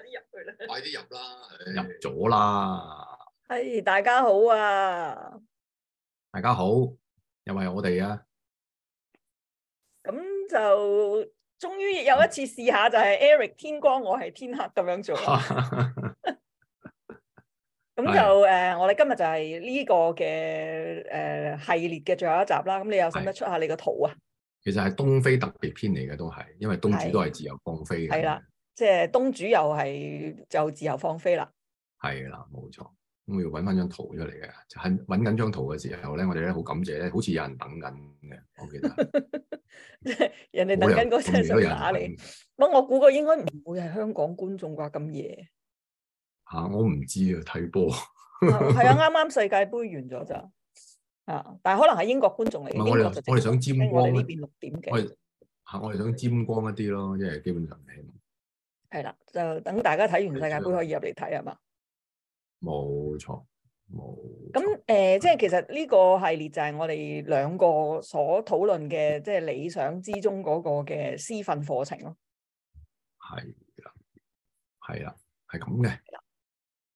快啲入去啦！快啲入啦！入咗啦！係大家好啊！大家好，又係我哋啊，咁就終於有一次試下，就係 Eric 天光，我係天黑咁樣做。咁 就誒是、呃，我哋今日就係呢個嘅誒、呃、系列嘅最後一集啦。咁你又使唔使出下你個圖啊？其實係東非特別篇嚟嘅，都係因為東主都係自由放飛嘅。係啦。即係東主又係就自由放飛啦，係啦，冇錯。咁我要搵翻張圖出嚟嘅，搵緊張圖嘅時候咧，我哋咧好感謝咧，好似有人等緊嘅，我記得。 人哋等緊嗰陣想打你，過不過我估過應該唔會係香港觀眾啩咁夜。吓、啊，我唔知 啊，睇波。係啊，啱啱世界杯完咗咋，啊！但係可能係英國觀眾嚟不我哋我哋想沾光，呢邊六點幾。我哋吓，我哋想沾光一啲咯，因為們們基本上。係啦，就等大家睇完世界杯可以入嚟睇係嘛？冇錯，冇錯。咁誒、呃，即係其實呢個系列就係我哋兩個所討論嘅，即係理想之中嗰個嘅師訓課程咯。係啊，係啦，係咁嘅。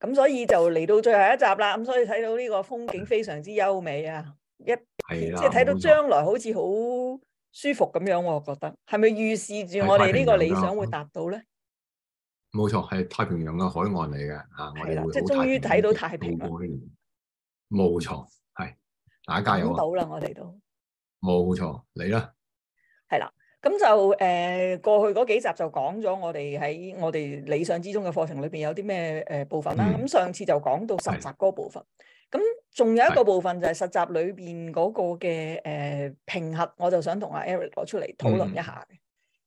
咁所以就嚟到最後一集啦。咁所以睇到呢個風景非常之優美啊！係啦一即係睇到將來好似好舒服咁樣，我覺得係咪預示住我哋呢個理想會達到咧？冇錯，係太平洋嘅海岸嚟嘅，啊的，我哋即係終於睇到太平洋。冇錯，係大家有，睇到啦，我哋都冇錯，你咧？係啦，咁就誒過去嗰幾集就講咗我哋喺我哋理想之中嘅課程裏邊有啲咩誒部分啦。咁、嗯、上次就講到實習嗰部分，咁仲的有一個部分就係實習裏邊嗰個嘅誒的評核，我就想同阿 Eric 攞出嚟討論一下、嗯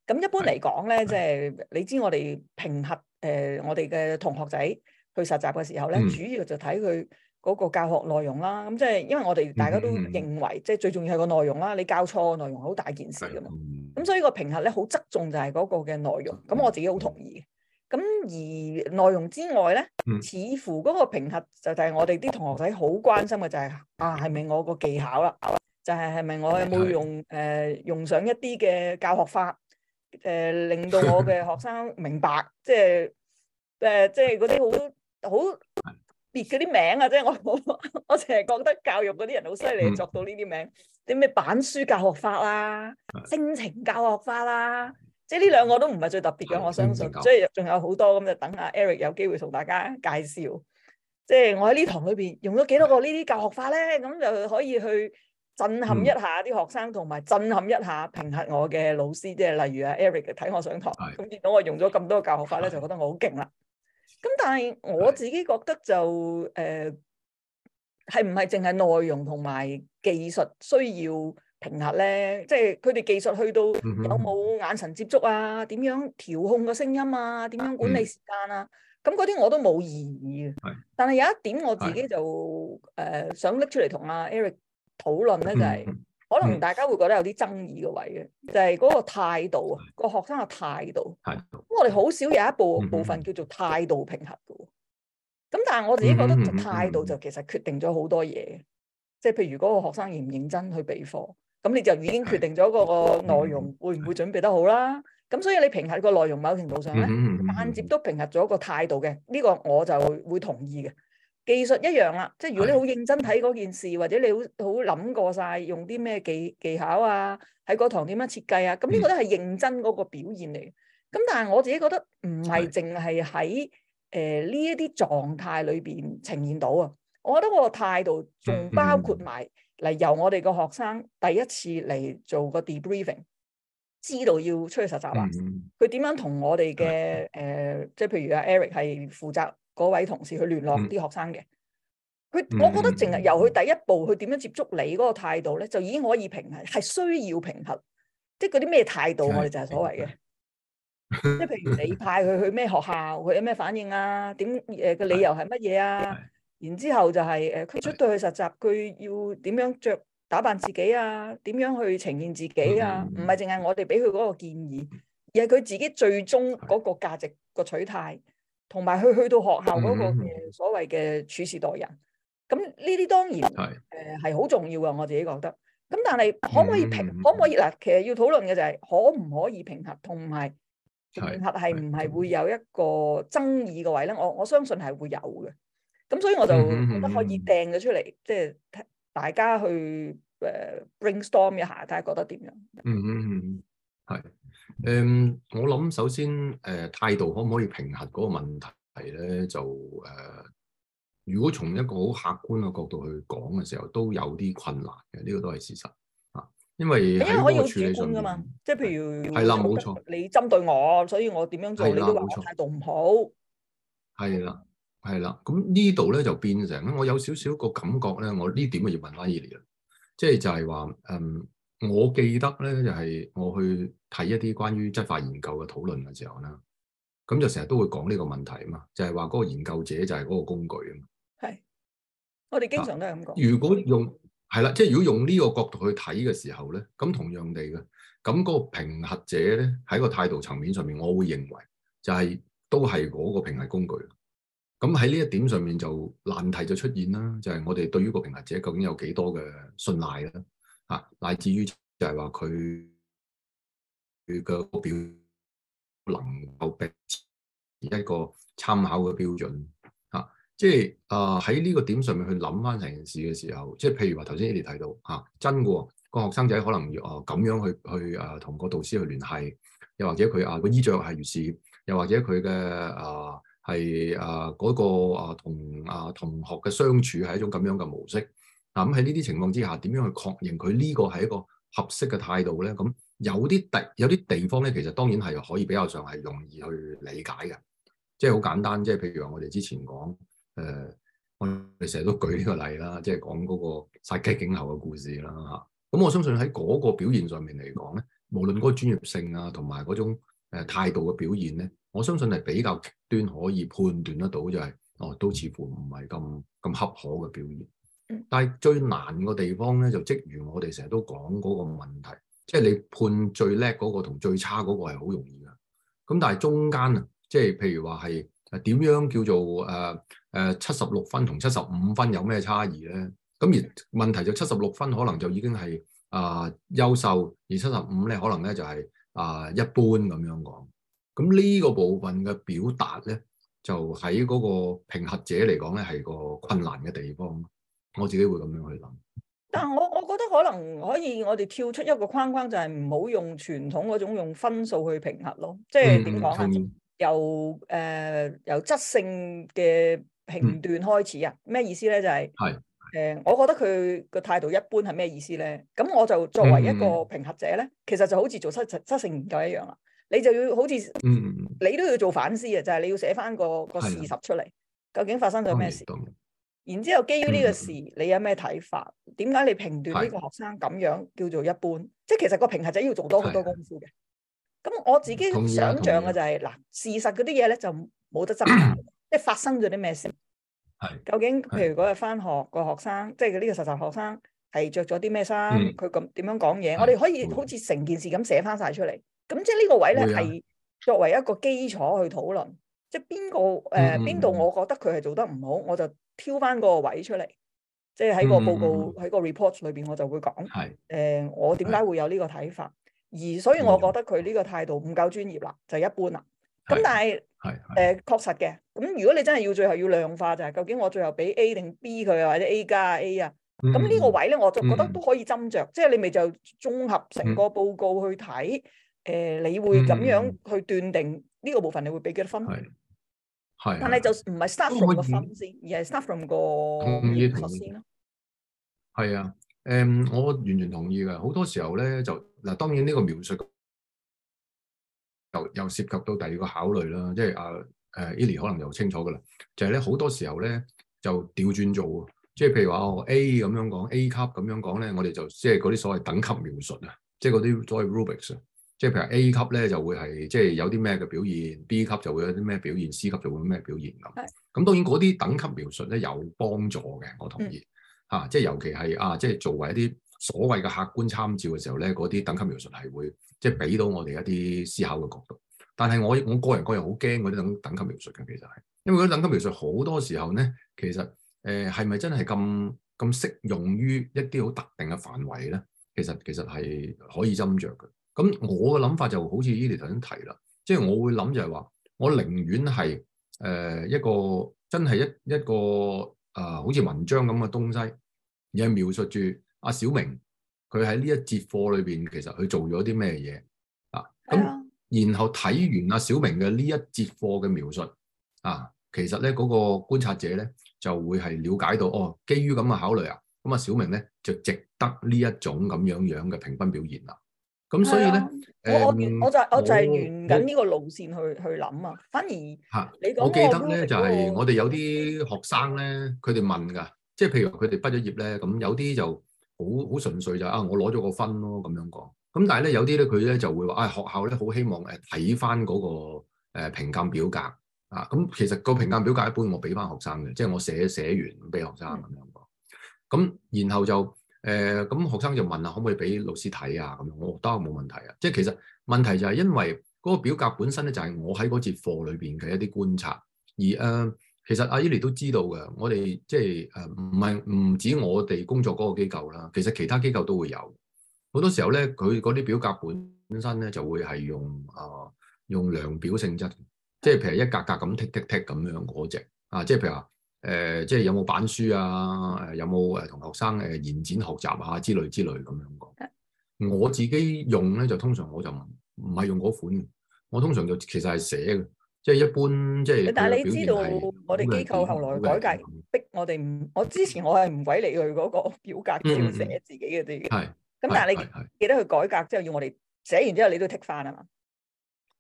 咁一般嚟講咧，即係的、就是、你知我哋評核誒、呃、我哋嘅同學仔去實習嘅時候咧，嗯、主要就睇佢嗰個教學內容啦。咁即係因為我哋大家都認為，即係、嗯、最重要係個內容啦。你教錯個內容係好大件事噶嘛。咁的所以個評核咧好側重就係嗰個嘅內容。咁我自己好同意。咁而內容之外咧，嗯、似乎嗰個評核就係我哋啲同學仔好關心嘅就係、是、啊，係咪我個技巧啦？就係係咪我有冇用誒的的用上一啲嘅教學法？誒、呃，令到我嘅學生明白， 即係誒、呃，即係嗰啲好好別嗰啲名啊！即係我我我成日覺得教育嗰啲人好犀利，作到呢啲名啲咩、嗯、板書教學法啦、啊、性情的教學法啦、啊，即係呢兩個都唔係最特別嘅，的我相信。即係仲有好多，咁就等阿 Eric 有機會同大家介紹，即係我喺呢堂裏邊用咗幾多個呢啲教學法咧，咁就可以去。震撼一下啲學生，同埋震撼一下評核我嘅老師，即係例如啊 Eric 睇我上堂，咁見到我用咗咁多教學法咧，啊、就覺得我好勁啦。咁但係我自己覺得就誒，係唔係淨係內容同埋技術需要評核咧？即係佢哋技術去到有冇眼神接觸啊？點、嗯、哼樣調控個聲音啊？點樣管理時間啊？咁嗰啲我都冇異議。但係有一點我自己就誒是、呃、想拎出嚟同阿 Eric 討論咧，就係、是、可能大家會覺得有啲爭議嘅位嘅，就係、是、嗰個態度啊，那個學生嘅態度。係度。咁我哋好少有一部、嗯、部分叫做態度評核嘅。咁但係我自己覺得態度就其實決定咗好多嘢，即、就、係、是、譬如嗰個學生認唔認真去備課，咁你就已經決定咗嗰個內容會唔會準備得好啦。咁所以你評核個內容，某程度上咧，間接都評核咗個態度嘅。呢、這個我就會同意嘅。技術一樣啦，即係如果你好認真睇嗰件事，的或者你好好諗過晒用啲咩技技巧啊，喺個堂點樣設計啊，咁呢個都係認真嗰個表現嚟。咁但係我自己覺得唔係淨係喺誒呢一啲狀態裏邊呈現到啊，我覺得我個態度仲包括埋嚟由我哋個學生第一次嚟做個 debriefing，知道要出去實習啦。佢點樣同我哋嘅誒，即係譬如阿 Eric 係負責。嗰位同事去聯絡啲學生嘅，佢、嗯、我覺得淨係由佢第一步去點樣接觸你嗰個態度咧，就已經可以平衡，係需要平衡。即係嗰啲咩態度我哋就係所謂嘅。即係、嗯、譬如你派佢去咩學校，佢有咩反應啊？點誒個理由係乜嘢啊？嗯、然之後就係誒佢出到去實習，佢要點樣着打扮自己啊？點樣去呈現自己啊？唔係淨係我哋俾佢嗰個建議，而係佢自己最終嗰個價值、個取態。同埋佢去到學校嗰個嘅所謂嘅處事待人，咁呢啲當然係誒係好重要嘅，我自己覺得。咁但係可唔可以平？是可唔可以嗱？其實要討論嘅就係可唔可以平衡，同埋平衡係唔係會有一個爭議嘅位咧？我我相信係會有嘅。咁所以我就覺得可以掟咗出嚟，即係是大家去誒 brainstorm 一下，睇下覺得點樣。嗯嗯嗯，係。誒，um, 我諗首先誒，呃、態度可唔可以平衡嗰個問題咧？就誒、呃，如果從一個好客觀嘅角度去講嘅時候，都有啲困難嘅，呢、這個都係事實啊。因為個處理上因為可以有主觀噶嘛。即係譬如係啦，冇錯，你針對我，所以我點樣做都話態度唔好。係啦，係啦，咁呢度咧就變成我有少少個感覺咧，我呢點要問翻 Eli 啦即係就係話，嗯。我記得咧就係、是、我去睇一啲關於質化研究嘅討論嘅時候啦，咁就成日都會講呢個問題啊嘛，就係話嗰個研究者就係嗰個工具啊嘛。係，我哋經常都係咁講。如果用係啦，即係、就是、如果用呢個角度去睇嘅時候咧，咁同樣地嘅，咁嗰個評核者咧喺個態度層面上面，我會認為就係、是、都係嗰個評核工具。咁喺呢一點上面就難題就出現啦，就係、是、我哋對於個評核者究竟有幾多嘅信賴啦。啊，乃至於就係話佢佢嘅表能夠俾一個參考嘅標準啊，即係啊喺呢個點上面去諗翻成件事嘅時候，即係譬如話頭先你哋 d 提到嚇真㗎，個學生仔可能哦咁樣去去啊同個導師去聯繫，又或者佢啊個衣著係如此，又或者佢嘅啊係啊嗰個啊同啊同學嘅相處係一種咁樣嘅模式。嗱，咁喺呢啲情況之下，點樣去確認佢呢個係一個合適嘅態度咧？咁、嗯、有啲地，有啲地方咧，其實當然係可以比較上係容易去理解嘅，即係好簡單，即係譬如話我哋之前講，誒、呃，我哋成日都舉呢個例啦，即係講嗰個殺雞儆猴嘅故事啦嚇。咁、嗯、我相信喺嗰個表現上面嚟講咧，無論嗰個專業性啊，同埋嗰種誒態度嘅表現咧，我相信係比較極端可以判斷得到、就係，就係哦，都似乎唔係咁咁恰可嘅表現。但係最難個地方咧，就即如我哋成日都講嗰個問題，即係你判最叻嗰個同最差嗰個係好容易噶，咁但係中間啊，即係譬如話係誒點樣叫做誒誒七十六分同七十五分有咩差異咧？咁而問題就七十六分可能就已經係啊優秀，而七十五咧可能咧就係啊一般咁樣講。咁呢個部分嘅表達咧，就喺嗰個評核者嚟講咧係個困難嘅地方。我自己會咁樣去諗，但係我我覺得可能可以，我哋跳出一個框框，就係唔好用傳統嗰種用分數去評核咯。即係點講咧？嗯、由誒、呃、由質性嘅評斷開始啊！咩、嗯、意思咧？就係、係、誒、呃，我覺得佢個態度一般係咩意思咧？咁我就作為一個評核者咧，其實就好似做質質性研究一樣啦。你就要好似，嗯、你都要做反思啊！就係、係、你要寫返個個事實出嚟，的究竟發生咗咩事？嗯嗯然之後，基於呢個事，你有咩睇法？點解你評斷呢個學生咁樣叫做一般？即係其實個評核仔要做多好多功夫嘅。咁我自己想像嘅就係嗱，事實嗰啲嘢咧就冇得執，即係發生咗啲咩事？究竟譬如嗰日返學個學生，即係呢個實習學生係着咗啲咩衫？佢咁點樣講嘢？我哋可以好似成件事咁寫返晒出嚟。咁即係呢個位咧係作為一個基礎去討論，即係邊個誒邊度？我覺得佢係做得唔好，我就，挑翻個位出嚟，即係喺個報告喺、嗯、個 report 裏邊，我就會講，誒是、呃、我點解會有呢個睇法，是而所以我覺得佢呢個態度唔夠專業啦，就是、一般啦。咁但係誒、呃、確實嘅，咁如果你真係要最後要量化就係、是、究竟我最後俾 A 定 B 佢，或者 A 加 A 啊，咁呢個位咧我就覺得都可以斟酌，即係、嗯、你咪就綜合成個報告去睇，誒、嗯呃、你會咁樣去斷定呢個部分你會俾幾多分？係，啊、但係就唔係 start from 個分我先、那個，而係 start from 個學先咯。係啊，誒、啊嗯，我完全同意嘅。好多時候咧，就嗱，當然呢個描述又又涉及到第二個考慮啦。即係阿誒 Elly 可能又清楚噶啦，就係咧好多時候咧就調轉做，即係譬如話我 A 咁樣講，A 級咁樣講咧，我哋就即係嗰啲所謂等級描述啊，即係嗰啲所謂 rubrics 即係譬如 A 級咧就會係，即係有啲咩嘅表現；B 級就會有啲咩表現；C 級就會咩表現咁。咁當然嗰啲等級描述咧有幫助嘅，我同意。吓，即係尤其係啊，即係作為一啲所謂嘅客觀參照嘅時候咧，嗰啲等級描述係會即係俾到我哋一啲思考嘅角度。但係我我個人個人好驚嗰啲等等級描述嘅，其實係因為嗰啲等級描述好多時候咧，其實誒係咪真係咁咁適用於一啲好特定嘅範圍咧？其實其實係可以斟酌嘅。咁我嘅諗法就好似 Eddie 頭先提啦，即、就、係、是、我會諗就係話，我寧願係誒、呃、一個真係一一個啊、呃，好似文章咁嘅東西，而係描述住阿小明佢喺呢一節課裏邊其實佢做咗啲咩嘢啊？咁、嗯、然後睇完阿小明嘅呢一節課嘅描述啊，其實咧嗰、那個觀察者咧就會係了解到，哦，基於咁嘅考慮啊，咁啊小明咧就值得呢一種咁樣樣嘅評分表現啦。咁所以咧，誒我，嗯、我就我就係沿緊呢個路線去去諗啊，反而我，吓我，我記得咧就係我哋有啲學生咧，佢哋問噶，即係譬如佢哋畢咗業咧，咁有啲就好好純粹就是、啊，我攞咗個分咯、哦，咁樣講。咁但係咧有啲咧佢咧就會話、哎那個呃，啊，學校咧好希望誒睇翻嗰個誒評鑑表格啊，咁其實個評鑑表格一般我俾翻學生嘅，即係我寫寫完俾學生咁樣講，咁、嗯嗯、然後就。誒咁、呃嗯、學生就問可可啊，可唔可以俾老師睇啊？咁樣我覺得冇問題啊。即係其實問題就係因為嗰個表格本身咧，就係、是、我喺嗰節課裏邊嘅一啲觀察。而誒、呃，其實阿伊莉都知道嘅，我哋即係誒唔係唔止我哋工作嗰個機構啦，其實其他機構都會有好多時候咧，佢嗰啲表格本身咧就會係用啊、呃、用量表性質，即係譬如一格格咁剔剔剔 k 咁樣嗰隻、那個、啊，即係譬如話。誒、呃，即係有冇板書啊？誒、呃，有冇誒同學生誒延展學習啊之類之類咁樣講。我自己用咧就通常我就唔唔係用嗰款，我通常就其實係寫嘅，即係一般即係。但係你知道我哋機構後來改革逼我哋唔，嗯、我之前我係唔鬼理佢嗰個表格先寫自己嗰啲，係咁，嗯嗯、但係你記得佢改革之後要我哋寫完之後你都剔翻啊嘛。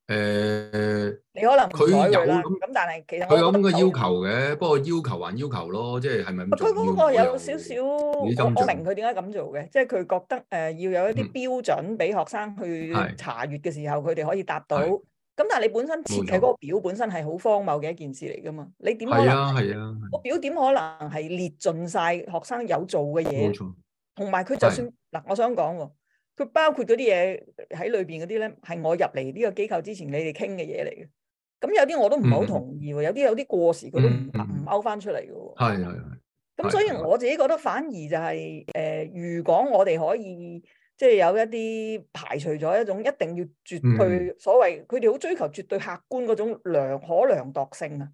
誒，欸、你可能佢有咁咁，但係其實佢有咁嘅要求嘅，不過要求還要求咯，即係係咪佢嗰個有少少，我明佢點解咁做嘅，即係佢覺得誒、呃、要有一啲標準俾學生去查閱嘅時候，佢哋、嗯、可以達到。咁、嗯、但係你本身設計嗰個表本身係好荒謬嘅一件事嚟噶嘛？你點可能？係啊係啊。個、啊啊、表點可能係列盡晒學生有做嘅嘢，同埋佢就算嗱是，我想講喎。佢包括嗰啲嘢喺裏邊嗰啲咧，係我入嚟呢個機構之前你，你哋傾嘅嘢嚟嘅。咁有啲我都唔係好同意，有啲有啲過時，佢都唔勾返出嚟嘅。係係係。咁所以我自己覺得反而就係、是、誒、呃，如果我哋可以即係、就是、有一啲排除咗一種一定要絕對所謂，佢哋好追求絕對客觀嗰種良可良度性啊，的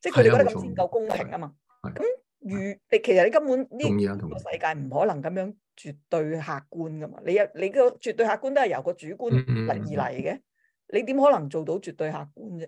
即係佢哋覺得咁先夠公平啊嘛。咁如你其實你根本呢、啊、個世界唔可能咁樣。絕對客觀㗎嘛？你有你個絕對客觀都係由個主觀嚟而嚟嘅，嗯嗯、你點可能做到絕對客觀啫？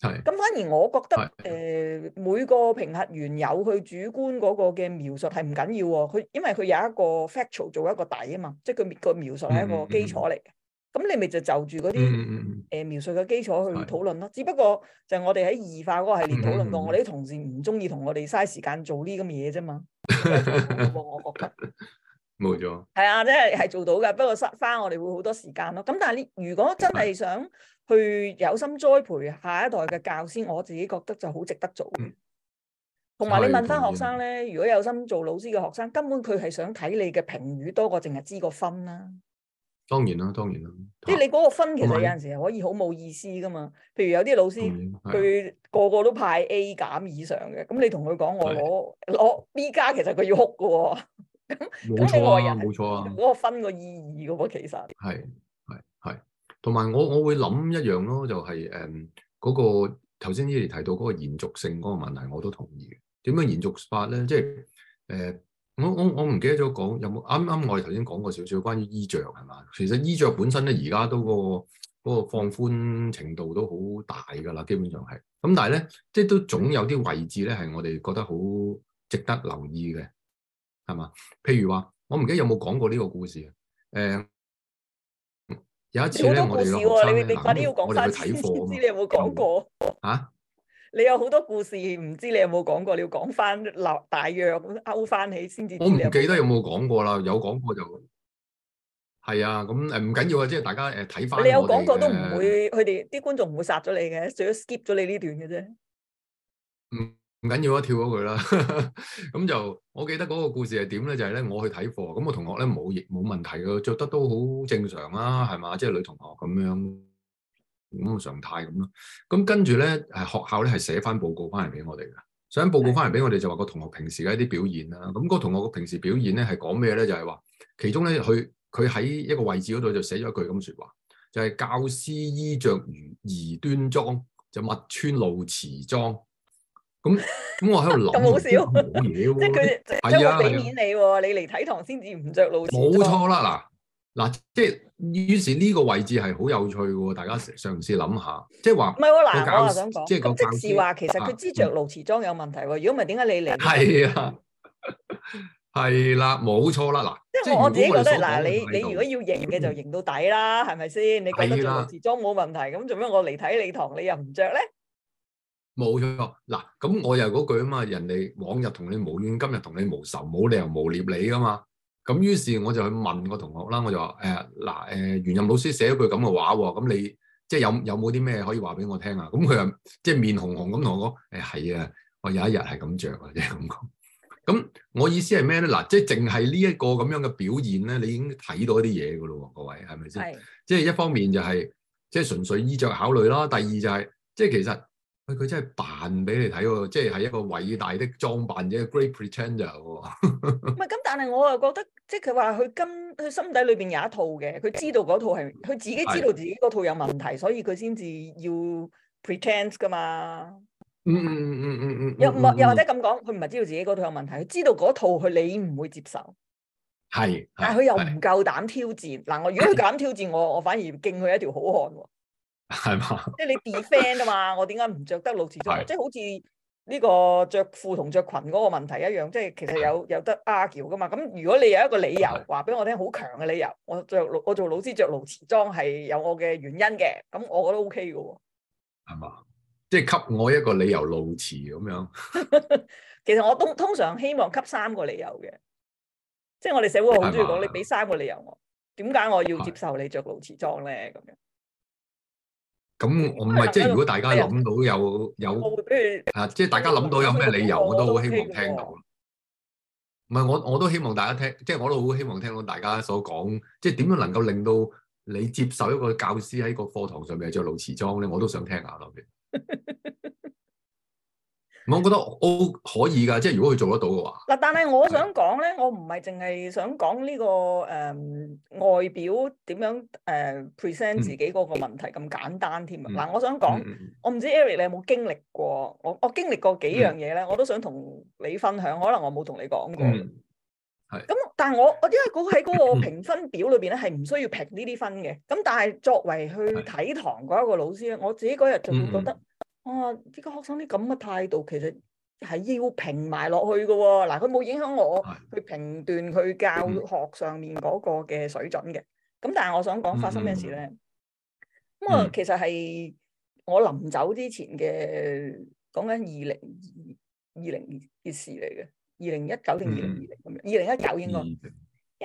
係、嗯。咁反而我覺得誒、嗯呃，每個評核員有佢主觀嗰個嘅描述係唔緊要喎，佢因為佢有一個 factual 做一個底啊嘛，即係佢個描述係一個基礎嚟嘅。嗯嗯嗯。咁你咪就就住嗰啲誒描述嘅基礎去討論咯，是只不過就係我哋喺二化嗰個系列討論過，嗯、我哋啲同事唔中意同我哋嘥時間做呢啲咁嘢啫嘛。 我覺得冇錯，係錯啊，即係係做到嘅，不過嘥返我哋會好多時間咯。咁但係呢，如果真係想去有心栽培下一代嘅教師，是我自己覺得就好值得做。同埋、嗯、你問翻學生咧，如果有心做老師嘅學生，根本佢係想睇你嘅評語多過淨係知個分啦、啊。當然啦，當然啦。即係你嗰個分，其實有陣時係可以好冇意思噶嘛。譬如有啲老師，佢、啊、個個都派 A 減以上嘅，咁你同佢講我攞、攞、啊、B 加，其實佢要哭噶、哦。冇錯啊，冇錯 啊。嗰個分個意義噶喎，其實係係係。同埋、啊啊啊、我我會諗一樣咯，就係誒嗰個頭先呢哋提到嗰個延續性嗰個問題，我都同意。點樣延續法咧？即係誒。呃我我有有剛剛我唔記得咗講有冇啱啱我哋頭先講過少少關於衣着，係嘛？其實衣着本身咧而家都、嗰個、嗰個放寬程度都好大㗎啦，基本上係。咁但係咧，即係都總有啲位置咧係我哋覺得好值得留意嘅，係嘛？譬如話，我唔記得有冇講過呢個故事誒、欸？有一次呢有、啊、我哋落班咧，我哋去睇貨，唔知你有冇講過啊？你有好多故事，唔知你有冇講過？你要講翻，留大約勾翻起先至。我唔記得有冇講過啦，有講過就係啊，咁誒唔緊要啊，即係大家誒睇翻。呃、你有講過都唔會，佢哋啲觀眾唔會殺咗你嘅，只咗 skip 咗你呢段嘅啫。唔唔緊要啊，跳咗佢啦。咁 就我記得嗰個故事係點咧？就係咧，我去睇貨，咁、那、我、個、同學咧冇亦冇問題嘅，着得都好正常啦、啊，係嘛？即、就、係、是、女同學咁樣。咁個常態咁咯，咁跟住咧，係學校咧係寫翻報告翻嚟俾我哋嘅，寫翻報告翻嚟俾我哋就話個同學平時嘅一啲表現啦，咁個同學個平時表現咧係講咩咧？就係話，其中咧佢佢喺一個位置嗰度就寫咗句咁說話，就係教師衣着宜端莊，就勿穿露臍裝。咁咁我喺度諗，咁好笑，冇嘢喎，即係佢係啊，唔俾面你喎，你嚟睇堂先至唔着露臍，冇錯啦嗱。嗱，即係於是呢個位置係好有趣喎，大家嘗試諗下，即係話唔係喎，嗱，我想講，即係話，其實佢知着露臍裝有問題喎，如果唔係點解你嚟？係啊，係啦，冇錯啦，嗱，即係我自己覺得，嗱，你你如果要型嘅就型到底啦，係咪先？你講著臍裝冇問題，咁做咩我嚟睇你堂，你又唔着咧？冇錯，嗱，咁我又嗰句啊嘛，人哋往日同你無怨，今日同你無仇，冇理由無捏你噶嘛。咁於是我就去問個同學啦，我就話誒嗱誒，袁、欸呃呃、任老師寫咗句咁嘅話喎，咁你即係有有冇啲咩可以話俾我聽啊？咁佢又即係面紅紅咁同我講，誒係啊，我有一日係咁着啊，即係咁講。咁我意思係咩咧？嗱、呃，即係淨係呢一個咁樣嘅表現咧，你已經睇到一啲嘢㗎咯喎，各位係咪先？是的 即係一方面就係、是、即係純粹衣着考慮啦，第二就係、是、即係其實。佢佢真係扮俾你睇喎，哦，即係一個偉大的裝扮者，great pretender，哦。唔係咁，但係我又覺得，即係佢話佢今佢心底裏邊有一套嘅，佢知道嗰套係，佢自己知道自己嗰套有問題，是所以佢先至要 pretend 噶嘛。嗯嗯嗯嗯嗯。嗯嗯嗯又唔又或者咁講，佢唔係知道自己嗰套有問題，佢知道嗰套佢你唔會接受。係是，但係佢又唔夠膽挑戰。嗱，我如果佢敢挑戰我，我反而敬佢一條好漢。係嘛？即係你 defend 啊嘛？我點解唔着得露臍裝？是即係好似呢個着褲同着裙嗰個問題一樣，即係其實有是有得 argue 噶嘛？咁如果你有一個理由話俾是我聽，好強嘅理由，我着我做老師着露臍裝係有我嘅原因嘅，咁我覺得 OK 噶喎。係嘛？即係給我一個理由露臍咁樣。 其實我都通常希望給三個理由嘅，即係我哋社會好中意講，你俾三個理由我，點解嗎是我要接受你着露臍裝咧？咁樣。咁我唔係，即係如果大家諗到有有啊，即係大家諗到有咩理由，我都好希望聽到。唔係，我我都希望大家聽，即係我都好希望聽到大家所講，即係點樣能夠令到你接受一個教師喺個課堂上面着露臍裝咧，我都想聽下咯嘅。 我覺得 O 可以噶，即係如果佢做得到嘅話。嗱，但係我想講咧，的我唔係淨係想講呢、呢個誒、呃、外表點樣誒、呃呃、present 自己嗰個問題咁簡單添啊！嗱、嗯，我想講，嗯、我唔知 Eric 你有冇經歷過，我我經歷過幾樣嘢咧，我都想同你分享。可能我冇同你講過。係、嗯。咁，但係我我因為喺嗰個評分表裏邊咧，係唔、嗯、需要評呢啲分嘅。咁但係作為去睇堂嗰一個老師咧，的嗯、我自己嗰日就會覺得、嗯。嗯我話呢個學生啲咁嘅態度，其實係要平埋落去嘅喎。嗱，佢冇影響我去評斷佢教學上面嗰個嘅水準嘅。咁但係我想講發生咩事咧？咁啊，其實係我臨走之前嘅講緊二零二零嘅事嚟嘅。二零一九定二零二零咁樣？二零一九應該，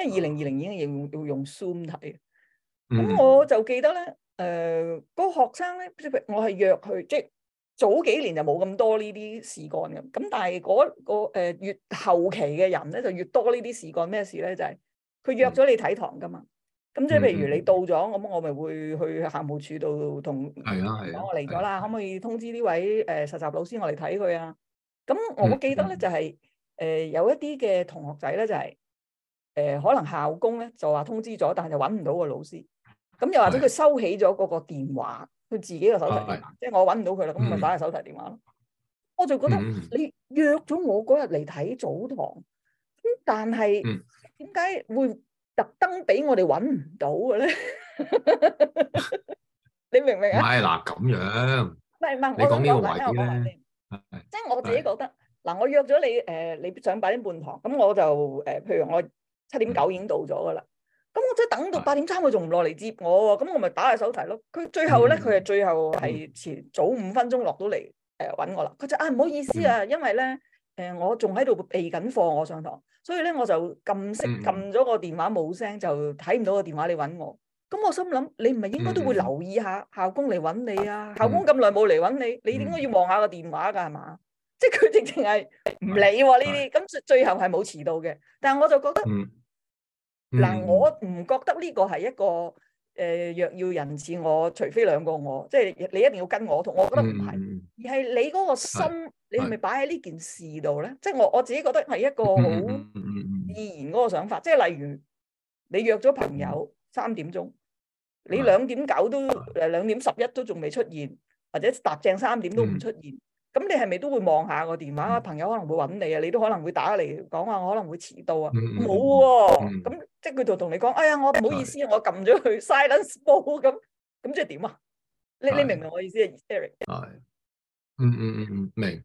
因為二零二零已經要用要用 Zoom 睇。咁我就記得咧，誒嗰個學生咧，我係約佢即。早幾年就冇咁多呢啲事幹嘅，咁但係嗰、那個誒、呃、越後期嘅人咧就越多呢啲事幹，咩事咧就係、是、佢約咗你睇堂噶嘛，咁即係譬如你到咗，咁我咪會去校務處度同講、嗯、哼我嚟咗啦，嗯、哼可唔可以通知呢位誒、呃、實習老師我嚟睇佢啊？咁我記得咧、嗯、哼就係、是、誒、呃、有一啲嘅同學仔咧就係、是、誒、呃、可能校工咧就話通知咗，但係就搵唔到個老師，咁又或者佢收起咗嗰個電話。嗯佢自己嘅手提電話，啊、即係我揾唔到佢啦，咁咪打佢手提電話咯。嗯、我就覺得你約咗我嗰日嚟睇早堂，咁但係點解會特登俾我哋揾唔到嘅咧？ 你明唔明啊？唔係嗱咁樣，唔係唔係，我講邊個壞嘅咧？即係我自己覺得嗱，我約咗你誒、呃，你想擺啲半堂，咁我就誒、呃，譬如我七點九已經到咗噶啦。的咁我即係等到八點三，佢仲唔落嚟接我喎。咁我咪打下手提咯。佢最後咧，佢係最後係遲早五分鐘落到嚟，誒搵我啦。佢就啊唔、哎、好意思啊，因為咧誒、呃、我仲喺度備緊課，我上堂，所以咧我就撳熄撳咗個電話冇聲，就睇唔到個電話你搵我。咁我心諗你唔係應該都會留意下校工嚟搵你啊？校工咁耐冇嚟搵你，你點解要望下個電話噶，係嘛？即係佢直情係唔理呢、啊、啲。咁最最後係冇遲到嘅，但係我就覺得。嗯嗱，嗯、我唔覺得呢個係一個誒，若、呃、要人似我，除非兩個我，即係你一定要跟我同，我覺得唔係，嗯、而係你嗰個心，的你係咪擺喺呢件事度咧？即係我我自己覺得係一個好自然嗰個想法。嗯、即係例如你約咗朋友三點鐘，的 你兩點九都誒兩點十一都仲未出現，或者踏正三點都唔出現。的咁你係咪都會望下個電話？朋友可能會揾你啊，你都可能會打嚟講話我可能會遲到啊。冇喎，咁即係佢就同你講：哎呀，我唔好意思，我撳咗佢 silence mode 咁咁，即係點啊？你你明唔明我意思啊？Eric 係，嗯嗯嗯嗯，明。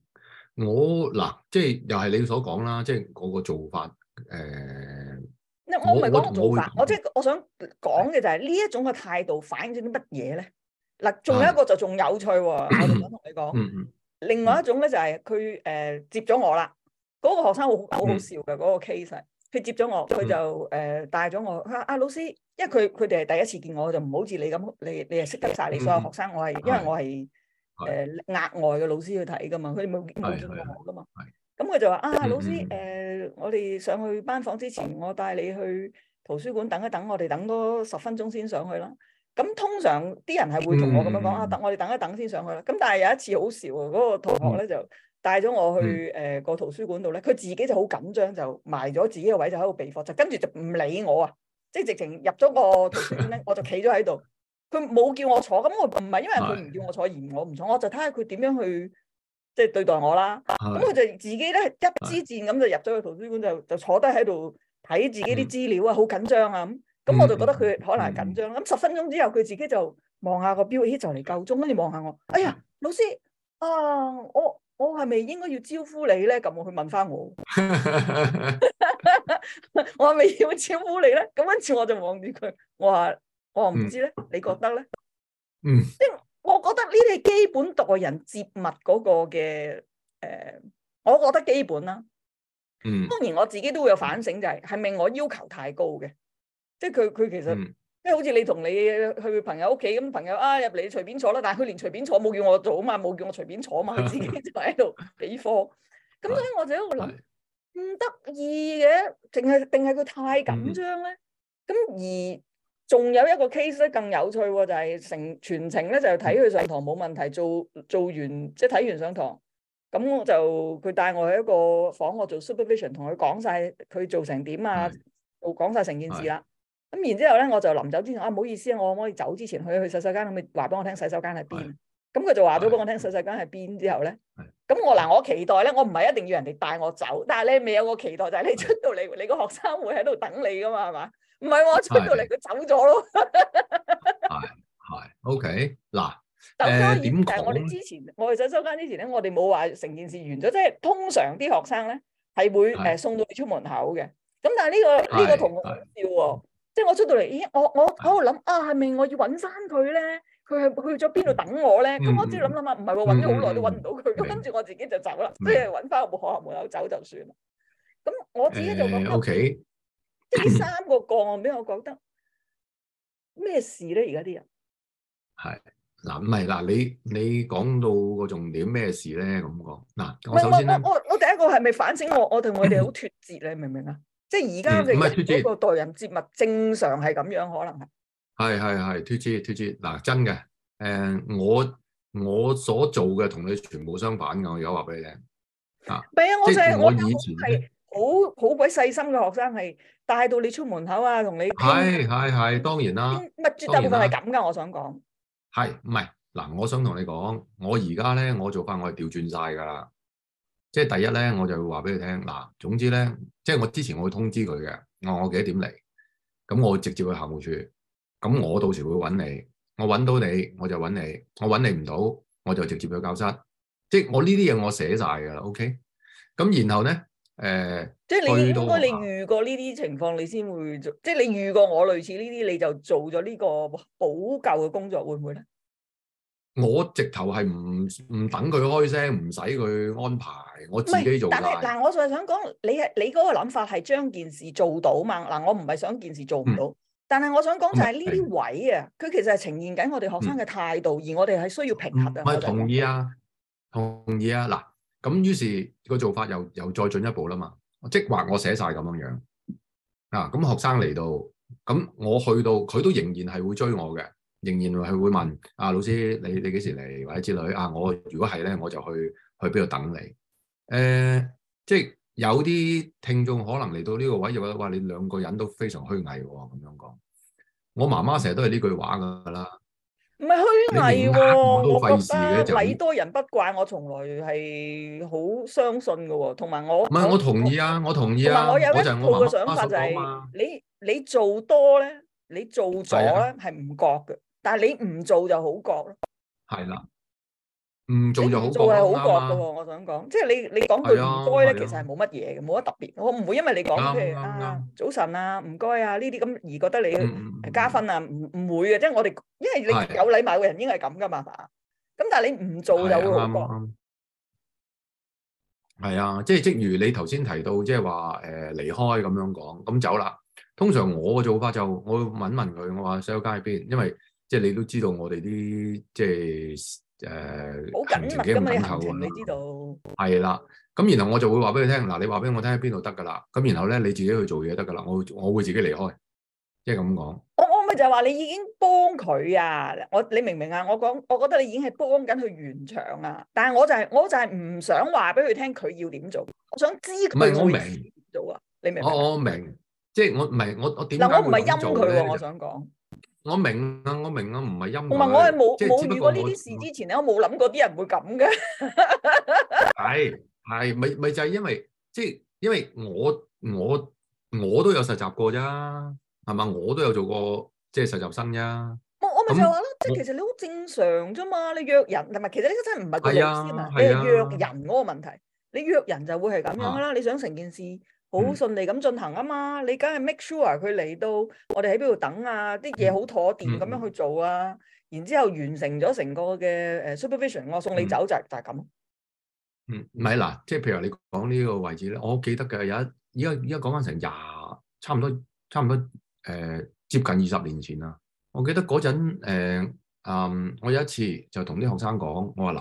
我嗱，即係又係你所講啦，即係我個做法誒。我我我我唔係講個做法，我即係我想講嘅就係呢一種嘅態度反映咗啲乜嘢咧？嗱，仲有一個就仲有趣喎，我想同你講。嗯嗯。另外一種咧就係佢誒接咗我啦，嗰、那個學生好好好笑嘅嗰、那個 case，佢接咗我，佢就誒、呃、帶咗我。佢話啊，老師，因為佢佢哋係第一次見我，就唔好似你咁，你你係識得晒你所有學生，我係因為我係誒是、呃、額外嘅老師去睇噶嘛，佢哋冇冇見過我噶嘛。咁佢、嗯、就話啊，老師誒、呃，我哋上去班房之前，我帶你去圖書館等一等，我哋等多十分鐘先上去啦。咁通常啲人係會同我咁樣講啊，等我哋等一等先上去啦。咁但係有一次好笑啊，嗰、那個同學咧就帶咗我去誒個、呃、圖書館度咧，佢自己就好緊張，就埋咗自己嘅位就喺度備課，就跟住就唔理我啊，即係直情入咗個圖書館咧，我就企咗喺度，佢冇叫我坐，咁我唔係因為佢唔叫我坐而我唔坐，我就睇下佢點樣去即係、就是、對待我啦。咁佢就自己咧一支箭咁就入咗去圖書館就就坐低喺度睇自己啲資料啊，好緊張啊。咁、嗯、我就覺得佢可能係緊張。咁、嗯嗯、十分鐘之後，佢自己就望下個表鐘，就嚟夠鐘，跟住望下我。哎呀，老師啊，我我係咪應該要招呼你咧？咁我去問翻我。 我係咪要招呼你咧？咁跟住我就望住佢。我話我話唔知咧，嗯、你覺得咧？嗯。即係我覺得呢啲基本待人接物嗰個嘅誒、呃，我覺得基本啦、啊。嗯。當然我自己都會有反省、就是，就係係咪我要求太高嘅？即係佢佢其實，即係好似你同你去朋友屋企咁，朋友啊入嚟你隨便坐啦。但係佢連隨便坐冇叫我做啊嘛，冇叫我隨便坐啊嘛，佢 自己就喺度俾貨。咁所以我就喺度諗，唔的得意嘅，淨係定係佢太緊張咧？咁、嗯、而仲有一個 case 咧，更有趣喎，就係、是、成全程咧就睇佢上堂冇問題，做做完即係睇完上堂，咁我就佢帶我去一個房，我做 supervision，同佢講晒佢做成點啊，講晒成件事啦。咁然之後咧，我就臨走之前啊，唔好意思，我可唔可以走之前去去洗手間？可唔可以話俾我聽洗手間喺邊？咁佢就話咗俾我聽洗手間喺邊之後咧。咁我嗱，我期待咧，我唔係一定要人哋帶我走，但係咧未有個期待就係你出到嚟，你個學生會喺度等你㗎嘛，係嘛？唔係我出到嚟佢走咗咯。係係，OK 嗱。誒點講？但係我哋之前我去洗手間之前咧，我哋冇話成件事完咗，即係通常啲學生咧係會誒送到你出門口嘅。咁但係呢個呢個同學笑。即係我出到嚟，咦？我我喺度諗啊，係咪我要揾翻佢咧？佢係去咗邊度等我咧？咁我只係諗諗啊，唔係喎，搵咗好耐都搵唔到佢。咁跟住我自己就走啦，即係揾翻我部學校門口走就算啦。咁我自己就講到，即係、欸 okay, 呢三個個案，俾我覺得咩事咧？而家啲人係嗱，唔係嗱，你你講到個重點咩事咧？咁講嗱，我首先我我第一個係咪反省我我同我哋好脫節咧？明唔明啊？即係而家嘅呢個待人接物，正常係咁樣，可能係。係係係，脫節脫節。嗱、啊，真嘅，誒、嗯，我我所做嘅同你全部相反噶，我而家話俾你聽。啊！唔係啊，係我就我以前係好好鬼細心嘅學生係，帶到你出門口啊，同你。係係係，當然啦。唔係絕大部分係咁噶，我想講。係唔係嗱？我想同你講，我而家咧，我做翻我係調轉晒噶啦。即係第一咧，我就會話俾佢聽嗱，總之咧，即係我之前我會通知佢嘅，我我幾多點嚟，咁我直接去校務處，咁我到時會搵你，我搵到你我就搵你，我搵你唔到我就直接去教室，即係我呢啲嘢我寫晒噶啦，OK，咁然後咧，誒，即係你應該你遇過呢啲情況，你先會做即係你遇過我類似呢啲，你就做咗呢個補救嘅工作，會唔會咧？我直頭係唔唔等佢開聲，唔使佢安排，我自己做，但係嗱，是我就係想講，你係你嗰個諗法係將件事做到嘛？嗱，我唔係想件事做唔到，嗯、但係我想講就係呢啲位啊，佢、嗯、其實係呈現緊我哋學生嘅態度，嗯、而我哋係需要平衡啊。唔係同意啊，同意啊。嗱，咁於是個做法又又再進一步啦嘛。即話我寫晒，咁樣樣嗱，咁、啊、學生嚟到，咁我去到，佢都仍然係會追我嘅。仍然係會問啊，老師，你你幾時嚟或者之類？啊，我如果係咧，我就去去邊度等你。誒、uh,，即係有啲聽眾可能嚟到呢個位，就覺得哇，你兩個人都非常虛偽咁樣講。我媽媽成日都係呢句話噶啦，唔係虛偽，我都費事嘅。」禮多人不怪，我從來係好相信噶。同埋、啊、我唔係，我同意啊，我同意啊。有我有一套嘅想法就係，就你你做多咧，你做咗咧係唔覺嘅。但係你唔做就好覺咯，係啦，唔做就好覺嘅喎。我想講，即係你你講句唔該咧，其實係冇乜嘢，冇乜特別。我唔會因為你講譬如啊早晨啊唔該啊呢啲咁而覺得你加分啊，唔唔會嘅。即係我哋因為你有禮貌嘅人應該係咁嘅嘛。咁但係你唔做就會好覺。係啊，即係即如你頭先提到即係話誒離開咁樣講，咁走啦。通常我嘅做法就我問問佢，我話 sales 街邊，因為即係你都知道我哋啲即係誒，好緊密嘅感，你知道，係啦，咁、嗯、然後我就會話俾佢聽，嗱、嗯，你話俾我聽喺邊度得噶啦，咁然後咧你自己去做嘢得噶啦，我我會自己離開，即係咁講。我我咪就係話你已經幫佢啊。我你明唔明啊？我講，我覺得你已經係幫緊佢完場啊！但係我就係、是、我就係唔想話俾佢聽佢要點做，我想知佢是會點做啊！我明你明我？我明，即係我唔係我我點做。嗱，我唔係陰佢喎，我想講。我明啊，我明啊，唔係陰謀。我我係冇冇遇過呢啲事之前咧，我冇諗過啲人會咁嘅。係係咪咪就係因為即係因為我我我都有實習過咋，係嘛？我都有做過即係實習生咋。我我咪就話啦，即係其實你好正常啫嘛，你約人同埋其實呢個真係唔係嗰個意思嘛，係啊，你約人嗰個問題，你約人就會係咁樣啦，你想成件事。好順利咁進行啊嘛，你梗係 make sure 佢嚟到，我哋喺邊度等啊，啲嘢好妥掂咁樣去做啊，嗯嗯嗯、然之後完成咗成個嘅誒 supervision，我送你走就就係，咁。嗯，唔係嗱，即係譬如你講呢個位置咧，我記得嘅有一，依家依家講翻成廿，差唔多差唔多誒接近二十年前啦。我記得嗰陣誒，嗯、呃呃，我有一次就同啲學生講，我話嗱，誒、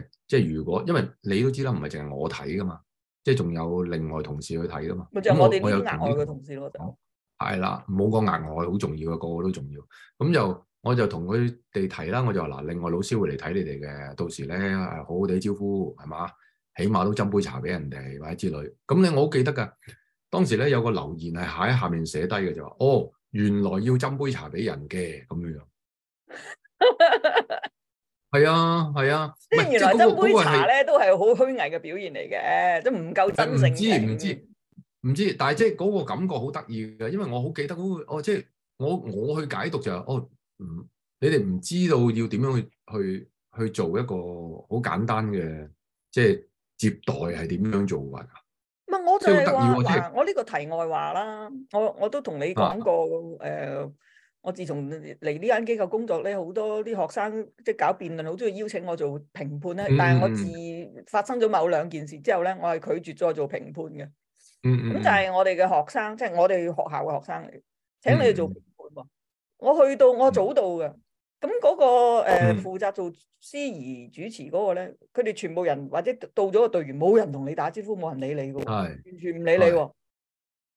呃，即係如果，因為你都知啦，唔係淨係我睇噶嘛。即係仲有另外同事去睇噶嘛。咁我我又另外個同事咯，嗯、就係啦，冇個額外好重要嘅，個個都重要。咁就我就同佢哋提啦，我就話嗱、啊，另外老師會嚟睇你哋嘅，到時咧好好地招呼係嘛？起碼都斟杯茶俾人哋或者之類。咁咧我好記得噶，當時咧有個留言係喺下面寫低嘅就話，哦，原來要斟杯茶俾人嘅咁樣樣。 係啊，係啊，即係原來斟杯茶咧，都係好虛偽嘅表現嚟嘅，都唔夠真誠。唔知唔知唔知，但係即係嗰個感覺好得意嘅，因為我好記得嗰個，哦，即係我我去解讀就係，哦，唔，你哋唔知道要點樣去去去做一個好簡單嘅，即係接待係點樣做法啊？唔係，我就係話我呢個題外話啦，我我都同你講過誒。啊我自從嚟呢間機構工作咧，好多啲學生即係搞辯論，好鍾意邀請我做評判咧。嗯、但係我自發生咗某兩件事之後咧，我係拒絕再做評判嘅。咁、嗯嗯、就係我哋嘅學生，即、就、係、是、我哋學校嘅學生嚟。請你做評判喎，嗯、我去到我早到嘅。咁嗰、那個誒、呃、負責做司儀主持嗰個咧，佢哋全部人或者到咗個隊員，冇人同你打招呼，冇人理你嘅喎，是完全唔理你喎。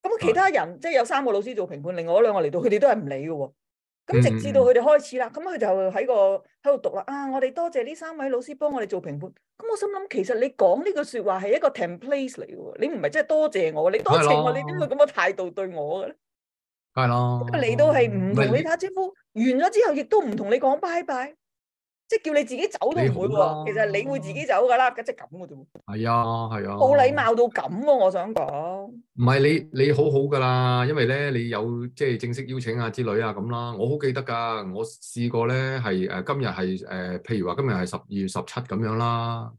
咁其他人即係有三個老師做評判，另外兩個嚟到，佢哋都係唔理嘅喎、哦。咁直至到佢哋開始啦，咁佢、嗯、就喺個喺度讀啦。啊，我哋多謝呢三位老師幫我哋做評判。咁我心諗，其實你講呢個說話係一個 template 嚟嘅喎，你唔係真係多謝，謝我，你多謝我，的你點會咁嘅態度對我嘅咧？係咯的。嚟到係唔同你打招呼，的完咗之後亦都唔同你講拜拜。即係叫你自己走都唔會喎、啊，好啊、其實你會自己走噶啦，即係咁噶啫。係啊，係啊。好禮、啊、貌到咁喎，我想講。唔係你你好好噶啦，因為咧你有即係正式邀請啊之類啊咁啦。我好記得噶，我試過咧係誒今日係誒譬如話今日係十二月十七咁樣啦。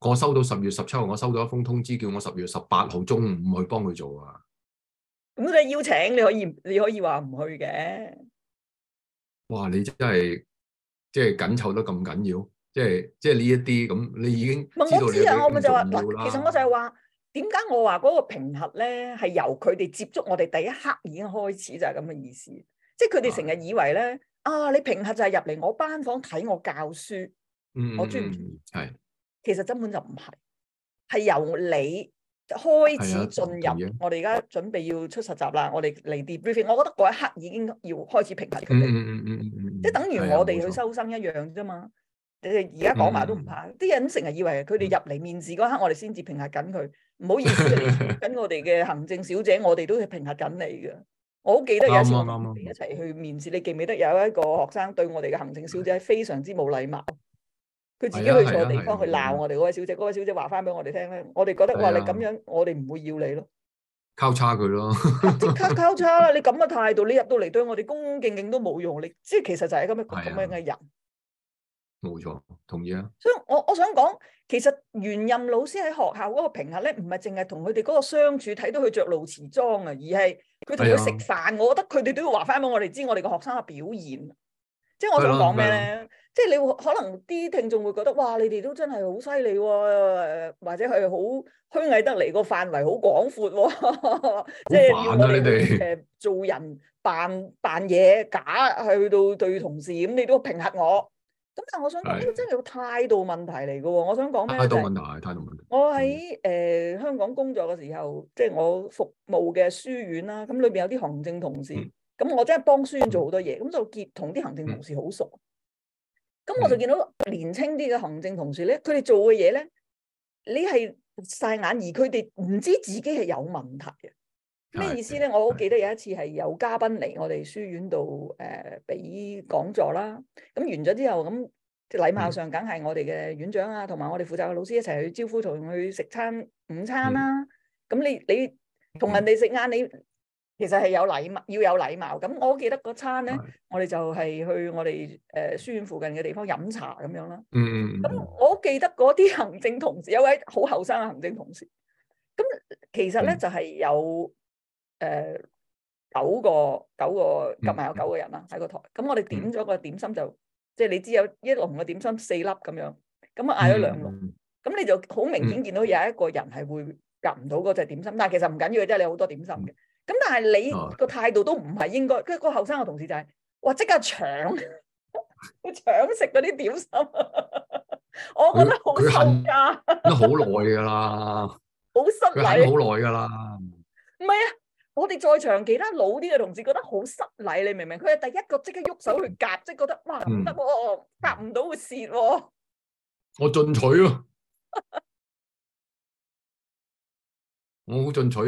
我收到十二月十七號，我收到一封通知，叫我十月十八號中午去幫佢做啊。咁你邀請你可以你可以話唔去嘅。哇，你真係～即係緊湊得咁緊要，即係即係呢一啲咁，你已經知你麼麼我知啊，我咪就話，其實我就係話，點解我話嗰個評核咧係由佢哋接觸我哋第一刻已經開始就係咁嘅意思，即係佢哋成日以為咧啊，啊，你評核就係入嚟我班房睇我教書，嗯，我專唔專業係，的其實根本就唔係，係由你。開始進入，了我哋而家準備要出實習啦。我哋嚟 debriefing，我覺得嗰一刻已經要開始評核佢哋。即係等於我哋去收生一樣啫嘛。你哋而家講埋都唔怕，啲、嗯、人成日以為佢哋入嚟面試嗰刻我，我哋先至評核緊佢。唔好意思，嚟緊、嗯、 我哋嘅行政小姐，我哋都係評核緊你嘅。我好記得有一次我哋一齊去面試，你記唔記得有一個學生對我哋嘅行政小姐非常之冇禮貌？佢自己去錯地方去鬧我哋，嗰位小姐，嗰位小姐話翻俾我哋聽咧，我哋覺得話你咁樣，我哋唔會要你咯，交叉佢咯，即刻交叉啦！你咁嘅態度，你入到嚟對我哋恭恭敬敬都冇用，你即係其實就係一個咁樣嘅人，冇錯，同意啊。所以我我想講，其實原任老師喺學校嗰個評核咧，唔係淨係同佢哋嗰個相處睇到佢着露臍裝啊，而係佢同佢食飯，我覺得佢哋都要話翻俾我哋知，我哋個學生嘅表現。即係我想講咩咧？即係你會可能啲聽眾會覺得哇，你哋都真係好犀利喎，或者係好虛偽得嚟，個範圍好廣闊喎、哦。即係、啊、 要我誒做人扮扮嘢假，假去到對同事，咁、嗯、你都評核我。咁但係我想講呢個真係個態度問題嚟㗎喎。我想講咩態度問題？態度問題。我喺在誒、嗯呃、香港工作嘅時候，即係我服務嘅書院啦，咁裏邊有啲行政同事，咁、嗯、我真係幫書院做好多嘢，咁就結同啲行政同事好熟。嗯咁我就見到年青啲嘅行政同事咧，佢哋做嘅嘢咧，你係曬眼，而佢哋唔知自己係有問題嘅。咩意思咧？我好記得有一次係有嘉賓嚟我哋書院度誒俾講座啦。咁、嗯、完咗之後，咁即禮貌上梗係我哋嘅院長啊，同埋我哋負責嘅老師一齊去招呼同去食餐午餐啦、啊。咁你你同人哋食晏你。你其實係有禮貌，要有禮貌。咁我記得嗰餐咧，的我哋就係去我哋誒書院附近嘅地方飲茶咁樣啦。嗯。咁我記得嗰啲行政同事，有位好後生嘅行政同事。咁其實咧就係、是、有誒、呃、九個九個夾埋有九個人啦喺個台。咁、嗯、我哋點咗個點心就，嗯、即係你知有一籠嘅點心四粒咁樣，咁啊嗌咗兩籠。咁、嗯、你就好明顯見到有一個人係會夾唔到嗰隻點心，但係其實唔緊要，要，即係你好多點心嘅。嗯咁但係你個態度都唔係應該，跟住個後生嘅同事就係，哇，即刻搶，要搶食嗰啲點心呵呵，我覺得好佢恨都好耐㗎啦，好失禮，好耐㗎啦。唔係啊，我哋在場其他老啲嘅同事覺得好失禮，你明唔明？佢係第一個即刻喐手去夾，即覺得哇唔得喎，夾唔到會蝕喎。我進取咯， 我好進取。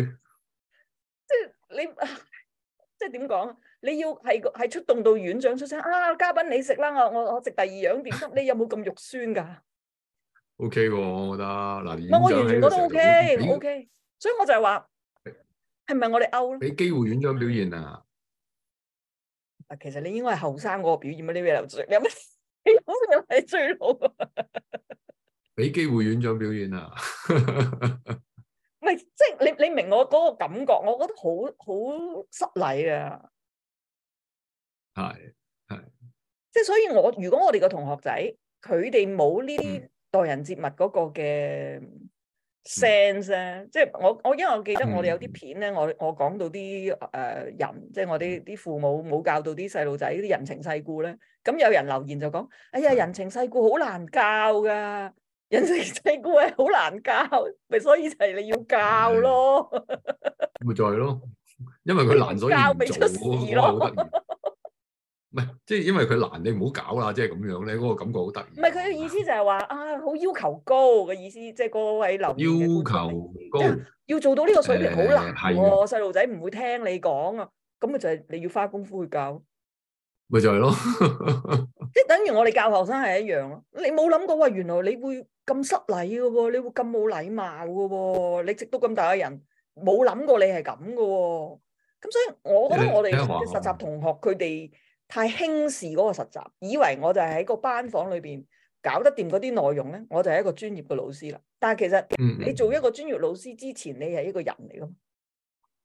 你即係點講？你要係係出動到院長出聲啊！嘉賓，你食啦，我我我食第二樣點得？你有冇咁肉酸噶？O K，我覺得嗱，院長喺時，我完全覺得 O K O K，所以我就係話，係咪我哋 out 咯？俾機會院長表演啊！嗱，其實你應該係後生嗰個表演啊！你咩流最有乜？有係最老啊！俾機會院長表演啊！唔係，即係你你明我嗰個感覺，我覺得好好失禮啊！係係，即係所以，我如果我哋個同學仔佢哋冇呢啲待人接物嗰個嘅 sense 咧，即係我我因為我記得我哋有啲片咧，我我講到啲誒人，即係我哋啲父母冇教到啲細路仔啲人情世故咧，咁有人留言就講：哎呀，人情世故好難教㗎！人細個係好難教，咪所以就係你要教咯。咪就係咯，因為佢難，所以唔容易咯。唔係，即係因為佢難，你唔好搞啦，即係咁樣咧，嗰個感覺好得意。唔係，佢意思就係話啊，好要求高嘅意思，即係個位流要求高，要做到呢個水平好難。細路仔唔會聽你講啊，咁咪就係你要花功夫去教。咪就係咯， 即係等於我哋教學生係一樣咯。你冇諗過，喂，原來你會咁失禮嘅喎，你會咁冇禮貌嘅喎。你直到咁大嘅人，冇諗過你係咁嘅。咁所以我覺得我哋實習同學佢哋太輕視嗰個實習，以為我就係喺個班房裏邊搞得掂嗰啲內容咧，我就係一個專業嘅老師啦。但係其實你做一個專業老師之前，你係一個人嚟噶嘛。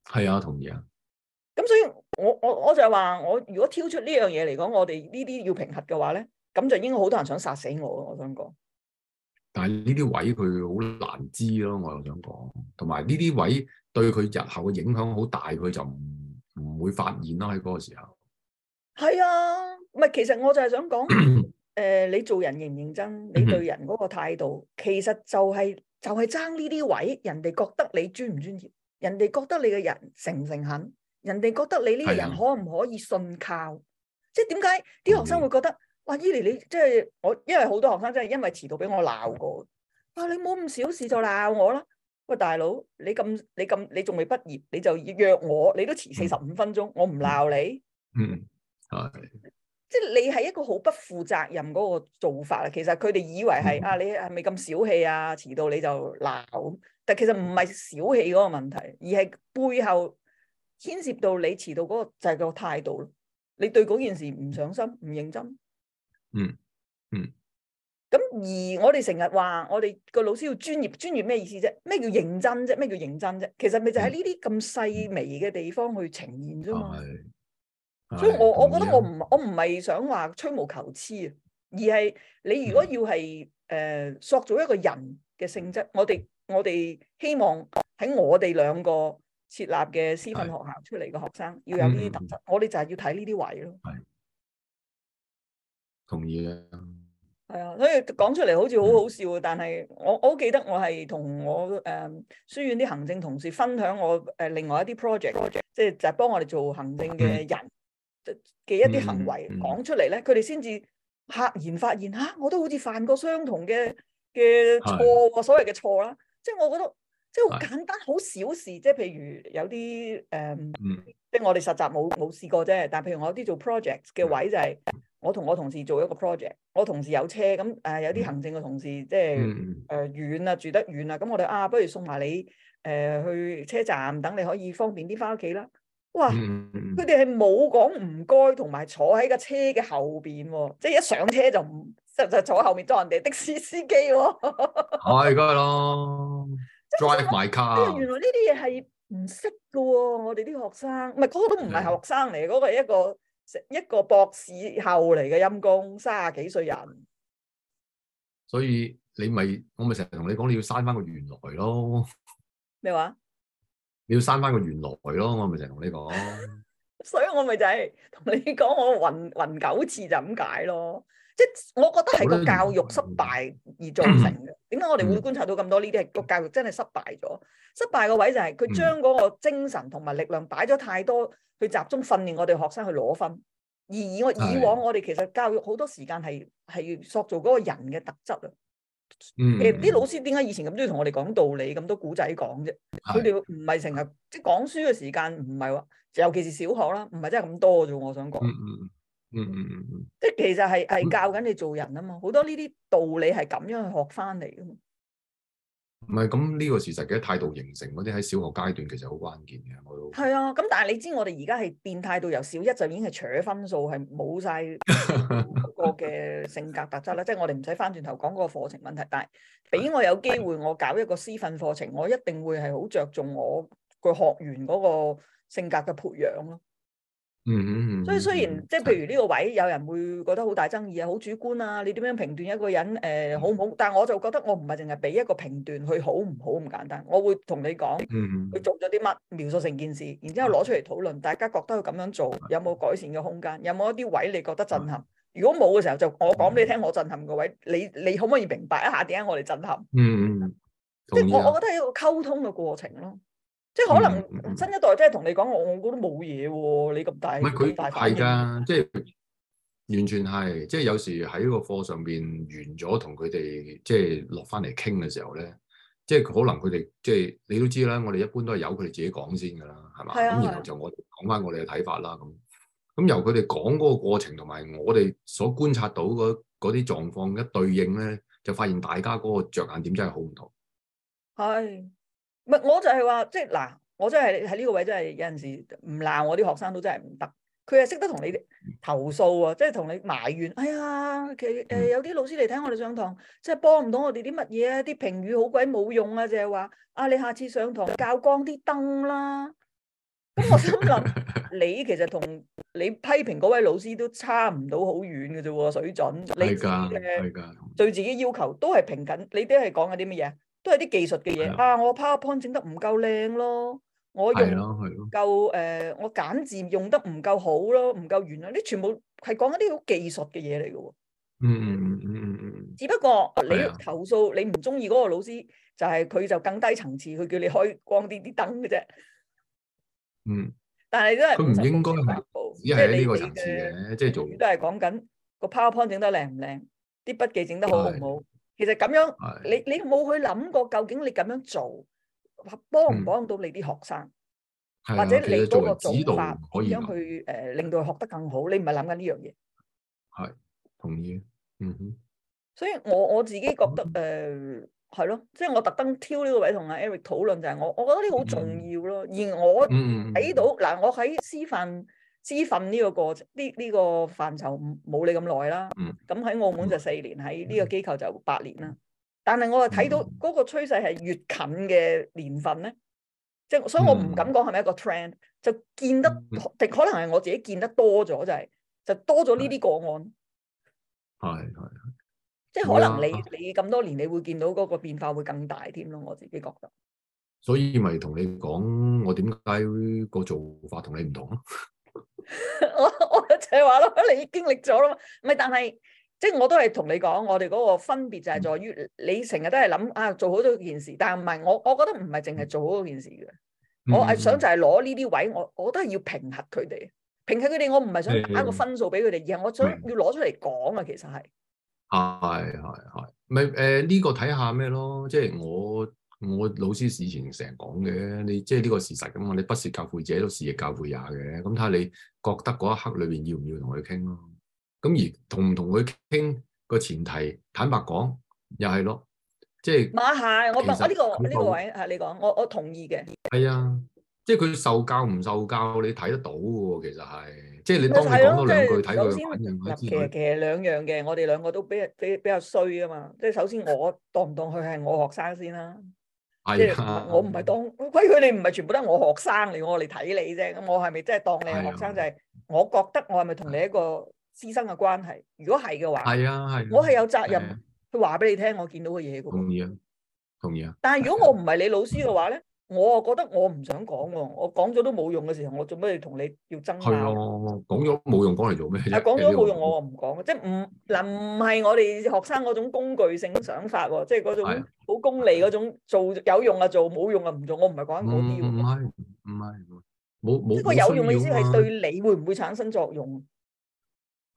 係啊、嗯嗯，同意啊。咁所以。我我我就係話，我如果挑出呢樣嘢嚟講，我哋呢啲要平衡嘅話咧，咁就應該好多人想殺死我咯。我想講，但係呢啲位佢好難知咯。我又想講，同埋呢啲位對佢日後嘅影響好大，佢就唔唔會發現咯。喺嗰個時候，係啊，唔係其實我就係想講，誒、 呃、你做人認唔認真，你對人嗰個態度， 其實就係、是、就係爭呢啲位，人哋覺得你專唔專業，人哋覺得你嘅人誠唔誠懇。人哋覺得你呢個人可唔可以信靠？的即係點解啲學生會覺得、嗯、哇，伊研你即、就、係、是、我，因為好多學生真係因為遲到俾我鬧過。哇、啊，你冇咁小事就鬧我啦！喂，大佬，你咁你咁你仲未畢業，你就約我，你都遲四十五分鐘，嗯、我唔鬧你？嗯啊，嗯即係你係一個好不負責任嗰個做法啦。其實佢哋以為係、嗯、啊，你係咪咁小氣啊？遲到你就鬧，但其實唔係小氣嗰個問題，而係背後。牽涉到你遲到嗰、那個就係、是、個態度咯，你對嗰件事唔上心唔認真。嗯嗯。咁、嗯、而我哋成日話，我哋個老師要專業，專業咩意思啫？咩叫認真啫？咩叫認真啫？其實咪就喺呢啲咁細微嘅地方去呈現啫嘛。嗯、所以我、嗯、我覺得我唔我唔係想話吹毛求疵啊，而係你如果要係誒塑造一個人嘅性質，我哋我哋希望喺我哋兩個設立嘅師訓學校出嚟嘅學生，的要有呢啲特質，嗯、我哋就係要睇呢啲位咯。係，同意啊。係啊，所以講出嚟好似好好笑，嗯、但係我我好記得我係同我誒、呃、書院啲行政同事分享我誒另外一啲 project，即係就係幫我哋做行政嘅人嘅一啲行為講、嗯、出嚟咧，佢哋先至赫然發現吓、啊，我都好似犯過相同嘅嘅錯，錯的所謂嘅錯啦，即、就、係、是、我覺得。即係好簡單，好小事，即係譬如有啲誒，嗯、 即係我哋實習冇冇試過啫。但係譬如我啲做 project 嘅位就係，我同我同事做一個 project， 我同事有車咁誒，嗯、有啲行政嘅同事即係誒遠啊，住得遠啊，咁我哋啊，不如送埋你誒、呃、去車站，等你可以方便啲翻屋企啦。哇！佢哋係冇講唔該，同 埋坐喺個車嘅後邊喎，即係一上車就唔，實實坐喺後面當人哋的士司機喎、哦。係， 咁係咯。 Drive my car 原來呢啲嘢係唔識嘅喎，我哋啲學生唔係、嗰個都唔係學生嚟，嗰的個係一個一個博士後嚟嘅陰公，三十幾歲人。所以你咪我咪成日同你講，你要刪翻個原來咯。咩話麼？你要刪翻個原來咯，我咪成日同你講。 所以我咪就係同你講，我暈暈九次就咁解咯。即我覺得係個教育失敗而造成嘅。點解我哋會觀察到咁多呢啲？係個教育真係失敗咗。失敗個位就係佢將嗰個精神同埋力量擺咗太多去集中訓練我哋學生去攞分，而以我以往我哋其實教育好多時間係係塑造嗰個人嘅特質啊。誒啲老師點解以前咁中意同我哋講道理咁多古仔講啫？佢哋唔係成日即係講書嘅時間唔係喎，尤其是小學啦，唔係真係咁多啫。我想講。嗯嗯嗯，即係其實係係教緊你做人啊嘛，好多呢啲道理係咁樣去學翻嚟噶嘛。唔係咁呢個事實嘅態度形成嗰啲，喺小學階段其實好關鍵嘅，我都係啊。咁但係你知我哋而家係變態到由小一就已經係除咗分數，係冇晒嗰個嘅性格特質啦。即係 我哋唔使翻轉頭講嗰個課程問題，但係俾我有機會我搞一個私訓課程，我一定會係好着重我個學員嗰個性格嘅培養咯。嗯嗯，所以雖然即係譬如呢個位有人會覺得好大爭議啊，好主觀啊，你點樣評斷一個人誒、呃、好唔好？但係我就覺得我唔係淨係俾一個評斷佢好唔好咁簡單，我會同你講佢做咗啲乜，描述成件事，然之後攞出嚟討論，大家覺得佢咁樣做有冇改善嘅空間，有冇一啲位你覺得震撼？如果冇嘅時候就我講俾你聽我震撼個位，你你可唔可以明白一下點解我哋震撼？嗯，啊、即係我我覺得係一個溝通嘅過程咯。即係可能新一代，即係同你講，我我覺得冇嘢喎。你咁大，唔係佢大係噶，即係完全係。即係有時喺個課上邊完咗，同佢哋即係落翻嚟傾嘅時候咧，即係可能佢哋即係你都知啦。我哋一般都係由佢哋自己講先噶啦，係嘛？咁、啊、然後就我哋講翻我哋嘅睇法啦。咁咁由佢哋講嗰個過程，同埋我哋所觀察到嗰啲狀況一對應咧，就發現大家嗰個着眼點真係好唔同。係。唔係，我就係話，即係嗱，我真係喺呢個位，真係有陣時唔鬧我啲學生都真係唔得，佢係識得同你哋投訴啊，即係同你埋怨，哎呀，其實有啲老師嚟睇我哋上堂，即係幫唔到我哋啲乜嘢啊，啲評語好鬼冇用啊，就係話，啊你下次上堂較光啲燈啦。咁我心諗， 你其實同你批評嗰位老師都差唔到好遠嘅啫喎，水準。係噶，係噶，對自己要求都係平等。你啲係講緊啲乜嘢？都係啲技術嘅嘢啊！我 powerpoint 整得唔夠靚咯，我用夠誒、啊啊呃，我簡字用得唔夠好咯，唔夠完啊！你全部係講一啲好技術嘅嘢嚟嘅。嗯嗯嗯嗯嗯。嗯，只不過你投訴你唔中意嗰個老師，啊、就係佢就更低層次，佢叫你開光啲啲燈嘅啫。嗯。但係都係。佢唔應該係呢個層次嘅，即係、就是、做。都係講緊個 powerpoint 整得靚唔靚，啲筆記整得好唔好。就是對其實咁樣，你你冇去諗過究竟你咁樣做，幫唔幫到你啲學生，或者你嗰個做法，點樣去誒令到佢學得更好？你唔係諗緊呢樣嘢。係，同意。嗯哼。所以我我自己覺得誒，係咯，即係我特登挑呢個位同阿 Eric 討論，就係我，我覺得呢個好重要咯。而我睇到嗱，我喺師範。師訓呢個過程，呢、這、呢個範疇冇你咁耐啦。咁喺、嗯、澳門就四年，喺呢、嗯、個機構就八年啦。但係我啊睇到嗰個趨勢係越近嘅年份咧，即係、嗯就是、所以我唔敢講係咪一個 trend，就見得，嗯、可能係我自己見得多咗就係、是、就多咗呢啲個案。係係的，即係可能你的你咁多年，你會見到嗰個變化會更大添咯。我自己覺得，所以咪同你講我點解個做法你同你唔同咯？ 我我就係話咯，你經歷咗咯，唔係但係，即係我都係同你講，我哋嗰個分別就係在於你成日都係諗啊做好多件事，但係唔係我，我覺得唔係淨係做好嗰件事嘅、嗯，我係想就係攞呢啲位，我我都係要平衡佢哋，平衡佢哋，我唔係想打個分數俾佢哋，嗯、而係我想要攞出嚟講啊，其實係，係係係，咪誒呢個睇下咩咯，即係我。我老師事前成日講嘅，你即係呢個事實咁嘛。你不屑教會者，都是亦教會也嘅。咁睇下你覺得嗰一刻裏邊要唔要同佢傾咯？咁而同唔同佢傾個前提，坦白講又係咯，即係唔係？我實我呢、這個呢個位係你講說，我我同意嘅。係啊，即係佢受教唔受教，你睇得到嘅喎。其實係即係你當你講多兩句睇佢反應，其實兩樣嘅。我哋兩個都比比比較衰啊嘛！即係首先我當唔當佢係我學生先啦。即係我唔係當，哎呀佢哋唔係全部都係我學生嚟，我嚟睇你啫。咁我係咪真係當你係學生、哎、呀就係？我覺得我係咪同你一個師生嘅關係？如果係嘅話，係啊係，哎、我係有責任、哎、呀去話俾你聽，我見到嘅嘢。同意啊，同意啊。但係如果我唔係你老師嘅話咧？我啊覺得我唔想講喎，我講咗都冇用嘅時候，我做咩要同你要爭拗咯，講咗冇用，講嚟做咩？係講咗冇用，我話唔講，即係唔嗱唔係我哋學生嗰種工具性想法喎，即係嗰種好功利嗰種做有用啊做，冇用啊唔做，我唔係講緊嗰啲喎。唔係唔係，冇冇。即係個有用嘅意思係對你會唔會產生作用？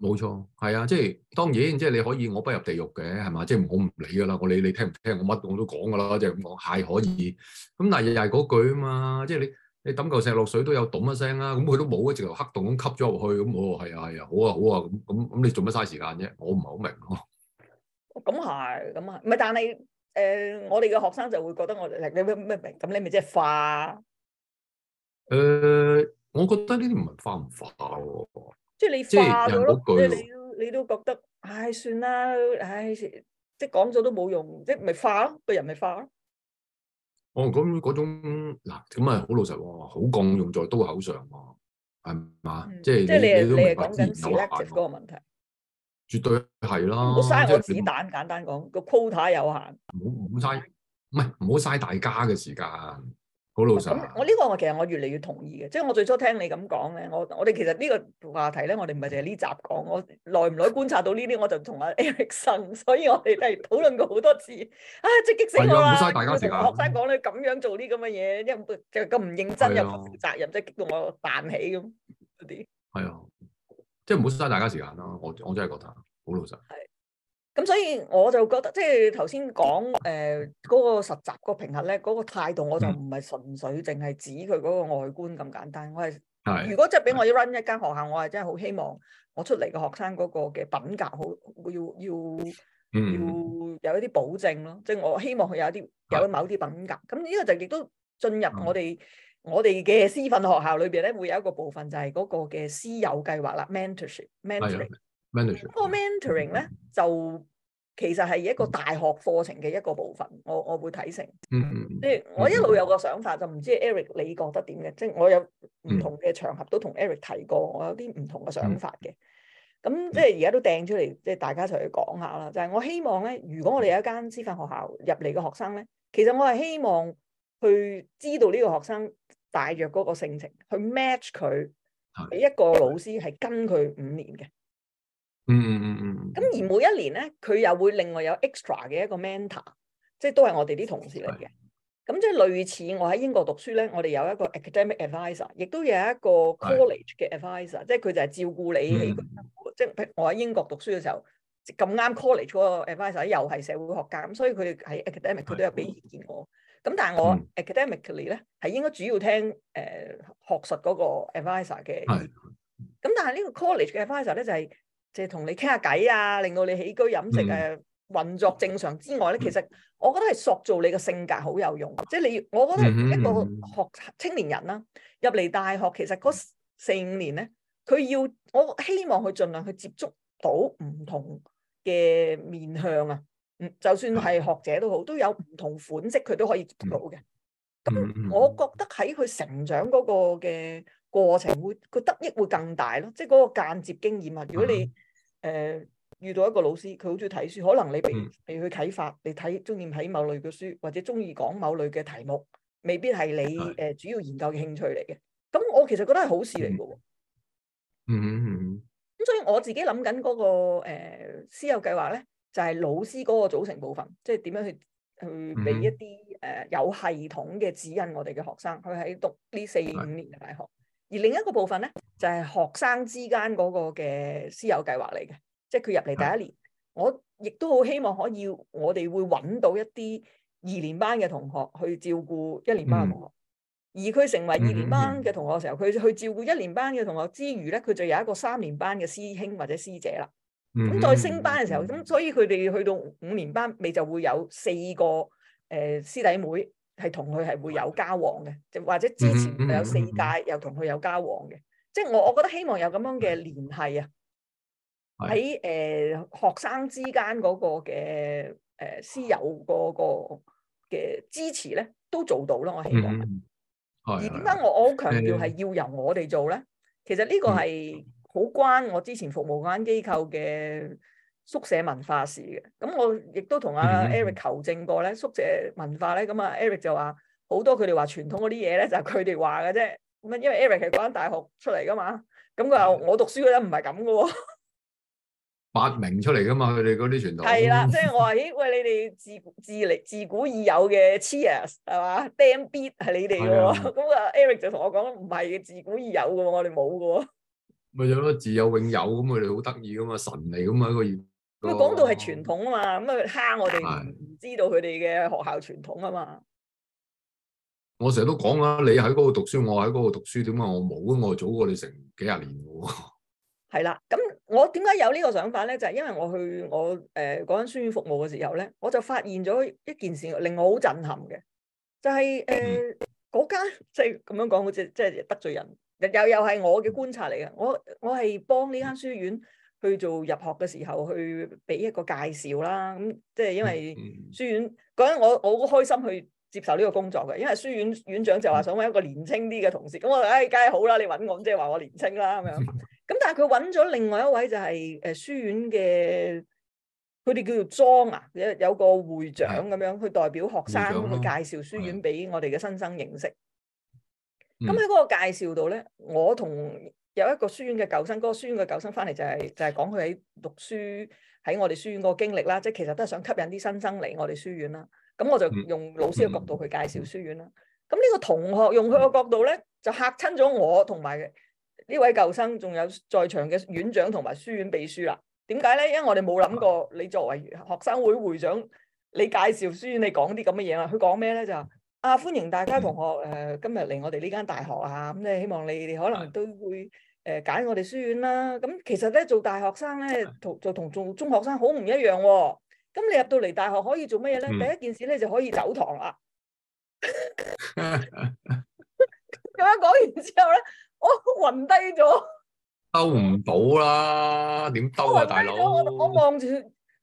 冇錯，係啊，即係當然，即係你可以我不入地獄嘅，係、就是、嘛？即係我唔理㗎啦，我理你聽唔聽，我乜我都講㗎啦，即係咁講，係可以。咁但係又係嗰句啊嘛，即係你你抌嚿石落水都有咚一聲啦，咁佢都冇啊，直頭黑洞咁吸咗落去，咁我話係啊係啊，好啊好啊，咁咁咁你做乜嘥時間啫？我唔係好明咯。咁係咁啊，唔係但係誒、呃，我哋嘅學生就會覺得我哋，呃、你咩咩咁，你咪即係化。誒、呃，我覺得呢啲唔係化唔化即係你即係你都你都覺得，唉算啦，唉即講咗都冇用，即係咪化咯？個人咪化咯。哦，咁嗰種嗱咁啊，好老實喎，好鋼用在刀口上喎，係嘛？即係、嗯、你你都明白有限嗰個問題，絕對係啦。唔好嘥個子彈，簡單講個 quota 有限。唔好唔好嘥，唔係唔好嘥大家嘅時間。好老實。咁我呢個我其實我越嚟越同意嘅，即係我最初聽你咁講咧，我我哋其實呢個話題咧，我哋唔係淨係呢集講，我耐唔耐觀察到呢啲，我就同阿 Eric 神，所以我哋都係討論過好多次。啊，即係激死我好嘥大家時間。學生講你咁樣做啲咁嘅嘢，即係咁唔認真又唔負責任，即係激到我彈起咁嗰啲。係啊，即係唔好嘥大家時間啦。我我真係覺得好老實。係。咁所以我就覺得，即係頭先講誒嗰個實習、嗰個評核咧，嗰個態度我就唔係純粹淨係指佢嗰個外觀咁簡單。我係，是如果即係俾我要 run 一間學校，是我係真係好希望我出嚟嘅學生嗰個嘅品格好，要要、嗯、要有一啲保證咯。即係我希望佢有一啲是有某啲品格。咁呢個就亦都進入我哋、嗯、我哋嘅師訓學校裏邊咧，會有一個部分就係嗰個嘅師友計劃啦，mentorship，mentoring。Mentorship, Mentorship, 個 mentoring 咧就其實係一個大學課程嘅一個部分，我我會睇成嗯即係我一路有個想法，就唔知 Eric 你覺得點嘅？即、就、係、是、我有唔同嘅場合、嗯、都同 Eric 提過，我有啲唔同嘅想法嘅。咁、嗯、即係而家都掟出嚟，即係、嗯、大家講一齊去講下啦。就係、是、我希望咧，如果我哋有一間師範學校入嚟嘅學生咧，其實我係希望去知道呢個學生大約嗰個性情，去 match 佢俾的一個老師係跟佢五年嘅。嗯嗯嗯，咁、嗯嗯、而每一年咧，佢又會另外有 extra 嘅一個 mentor，即係都係我哋啲同事嚟嘅。咁是即係類似我喺英國讀書咧，我哋有一個 academic a d v i s o r 亦都有一個 college 嘅 a d v i s o r 是即係佢就係照顧你喺個、嗯、即係我喺英國讀書嘅時候咁啱 college 個 a d v i s o r 又係社會學界，咁所以佢喺 academic 佢都有俾意見是我是。咁但係我 academic a l l y 咧係應該主要聽誒、呃、學術嗰個 a d v i s o r 嘅。咁是、嗯、但係呢個 college 嘅 a d v i s o r 咧就係、是。即係同你傾下偈啊，令到你起居飲食誒、啊、運作正常之外咧，其實我覺得係塑造你個性格好有用。即、就、係、是、你，我覺得一個學青年人啦、啊，入嚟大學其實嗰四五,五年咧，佢要我希望佢盡量去接觸到唔同嘅面向啊。就算係學者都好，都有唔同款式，佢都可以接觸到嘅。咁我覺得喺佢成長嗰個嘅過程會，會佢得益會更大咯。即係嗰個間接經驗啊，如果你。誒、呃，遇到一個老師，佢好中意睇書，可能你俾俾佢啟發，你睇中意睇某類嘅書，或者中意講某類嘅題目，未必係你誒是、呃、主要研究嘅興趣嚟嘅。咁我其實覺得係好事嚟嘅，嗯。嗯、咁、嗯嗯、所以我自己諗緊嗰個誒、呃、師訓計劃咧，就係、是、老師嗰個組成部分，即係點樣去去俾一啲誒、嗯呃、有系統嘅指引，我哋嘅學生，佢喺讀呢四五年嘅大學。而另一個部分咧，就係、是、學生之間嗰個嘅師友計劃嚟嘅，即係佢入嚟第一年，的我亦都好希望可以，我哋會揾到一啲二年班嘅同學去照顧一年班嘅同學。嗯、而佢成為二年班嘅同學嘅時候，佢去照顧一年班嘅同學之餘咧，佢就有一個三年班嘅師兄或者師姐啦。咁再、嗯、升班嘅時候，咁所以佢哋去到五年班，未就會有四個誒師弟妹。係同佢係會有交往嘅，就或者之前有四屆、嗯嗯、又同佢有交往嘅，即係我我覺得希望有咁樣嘅聯繫啊，喺誒的、呃、學生之間嗰個嘅誒、呃、私有嗰個嘅支持咧，都做到啦，我希望。的而點解我我好強調係要由我哋做咧？的其實呢個係好關我之前服務間機構嘅。宿舍文化事嘅，咁我亦都同阿 Eric 求證過咧。宿舍文化咧，咁啊 Eric 就話好多佢哋話傳統嗰啲嘢咧，就係佢哋話嘅啫。咁啊，因為 Eric 係嗰間大學出嚟噶嘛，咁佢話我讀書嗰陣唔係咁噶喎，發明出嚟噶嘛，佢哋嗰啲傳統係啦。即係我話咦，喂，你哋自自嚟自古已有嘅 cheers 係嘛？Damn bit 係你哋嘅喎。咁啊，Eric 就同我講唔係嘅，自古已有嘅，我哋冇嘅喎。咪就係咯，自有永有咁，佢哋好得意噶嘛，神嚟咁啊，一個現。咁啊，講到係傳統啊嘛，咁啊蝦我哋唔知道佢哋嘅學校傳統啊嘛。我成日都講啦，你喺嗰度讀書，我喺嗰度讀書，點解我冇？我早過你成幾廿年喎。係啦，咁我點解有呢個想法咧？就係因為我去我誒嗰間書院服務嘅時候咧，我就發現咗一件事，令我好震撼嘅，就係誒嗰間即係咁樣講，好似即係得罪人，又又係我嘅觀察嚟嘅。我我係幫呢間書院。嗯去做入學嘅時候，去俾一個介紹啦。咁即係因為書院嗰陣、嗯，我我好開心去接受呢個工作嘅，因為書院院長就話想揾一個年青啲嘅同事。咁、嗯、我誒，梗、哎、係好啦，你揾我，即係話我年青啦，咁樣。咁、嗯、但係佢揾咗另外一位就係誒書院嘅，佢哋叫做莊啊，有有個會長咁、嗯、樣去代表學生去長介紹書院俾我哋嘅新生認識。咁喺嗰個介紹度咧，我同。有一個書院嘅舊生，嗰、嗰個書院嘅舊生翻嚟就係、係、就係講佢喺讀書喺我哋書院個經歷啦，即、就、係、係、其實都係想吸引啲新生嚟我哋書院啦。咁我就用老師嘅角度去介紹書院啦。咁呢個同學用佢嘅角度咧，就嚇親咗我同埋呢位舊生，仲有在場嘅院長同埋書院秘書啦。點解咧？因為我哋冇諗過你作為學生會會長，你介紹書院，你講啲咁嘅嘢啦？佢講咩咧就？啊，歡迎大家同學誒、呃，今日嚟我哋呢間大學啊，咁咧希望你哋可能都會誒揀、呃、我哋書院啦。咁、嗯、其實咧做大學生咧，同就同做中學生好唔一樣喎、哦。咁、嗯、你、嗯、入到嚟大學可以做乜嘢咧？第一件事咧就可以走堂啦。咁樣講完之後咧，我暈低咗。兜唔到啦，點兜啊，我大佬哥！我望住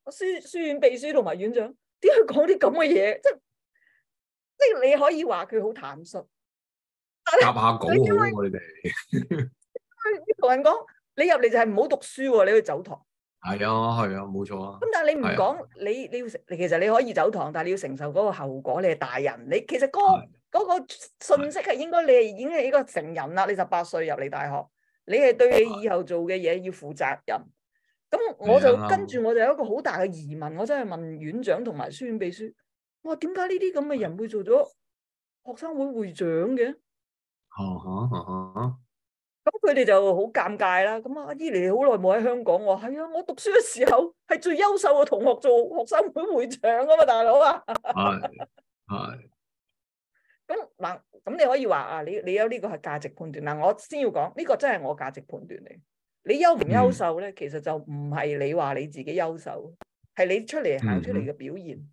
我書書院秘書同埋院長，點解講啲咁嘅嘢？即係。即係你可以話佢好坦率，夾下講好唔你哋，同 人講你入嚟就係唔好讀書喎，你去走堂。係啊，係啊，冇錯啊。咁但係你唔講、啊，你你要承，其實你可以走堂，但係你要承受嗰個後果。你係大人，你其實嗰、那、嗰、個、的個信息係應該你係已經係一個成人啦。的你十八歲入嚟大學，你係對你以後做嘅嘢要負責任。咁的我就跟住我就有一個好大嘅疑問，我真係問院長同埋書院秘書。我點解呢啲咁嘅人會做咗學生會會長嘅？咁佢哋就好尷尬啦。咁阿姨你好耐冇喺香港，我話係啊，我讀書嘅時候係最優秀嘅同學做學生會會長啊嘛，大佬啊！係 係。咁嗱，咁你可以話啊，你你有呢個係價值判斷嗱，我先要講呢、這個真係我價值判斷嚟。你優唔優秀咧？嗯、其實就唔係你話你自己優秀，係你出嚟，行出嚟嘅表現。嗯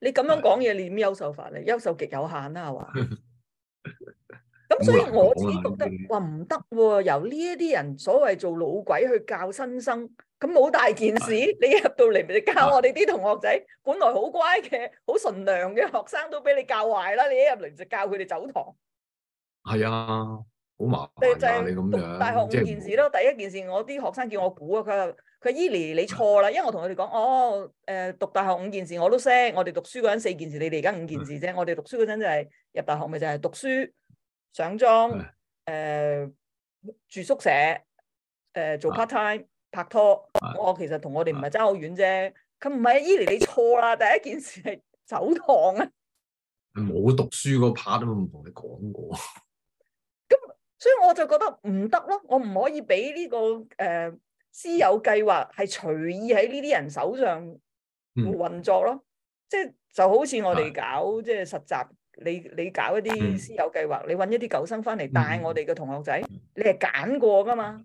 你咁樣講嘢，你點優秀法咧？優秀極有限啦、啊，係、啊、嘛？咁 所以我只覺得話唔得喎，由呢一啲人所謂做老鬼去教新生，咁冇大件事，的你一入到嚟咪就教我哋啲同學仔，的本來好乖嘅、好純良嘅學生都俾你教壞啦！你一入嚟就教佢哋走堂，係啊，好麻煩啊！你讀大學五件事咯，第一件事我啲學生叫我估啊，佢。佢 Eli 你錯啦，因為我同佢哋講，哦，誒、呃，讀大學五件事我都識，我哋讀書嗰陣四件事，你哋而家五件事啫。的我哋讀書嗰陣就係、是、入大學，咪就係讀書、上莊、誒的、呃、住宿舍、誒、呃、做 part time、的拍拖。的我其實同我哋唔係爭好遠啫。佢唔係 Eli 你錯啦。第一件事係走堂啊，冇讀書嗰 part，都唔同你講過。咁 所以我就覺得唔得咯，我唔可以俾呢、這個誒。呃私有計劃係隨意喺呢啲人手上運作咯，嗯、即係就好似我哋搞即係、就是、實習，你你搞一啲私有計劃，你揾一啲舊生翻嚟帶我哋嘅同學仔，嗯、你係揀過噶嘛？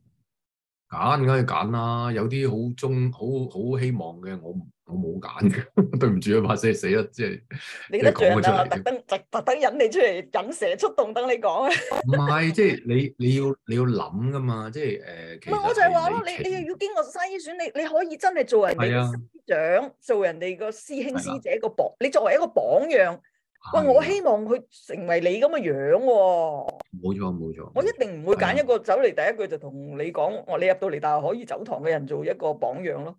揀梗係揀啦，有啲好中好好希望嘅，我我冇揀嘅， 對唔住啊，把聲死啦，即係你覺得佢會，等就特登引你出嚟引蛇出洞，等你講啊。唔 係，即、就、係、是、你你要你要諗噶嘛，即係誒、呃，其實我就係話咯，你你要經過篩選，你你可以真係做人哋師長，啊、做人哋個師兄師姐個榜，的你作為一個榜樣。喂，我希望佢成為你咁嘅樣喎、哦。冇錯，冇錯。錯我一定唔會揀一個走嚟，第一句就同你講，我的你入到嚟大學可以走堂嘅人做一個榜樣咯。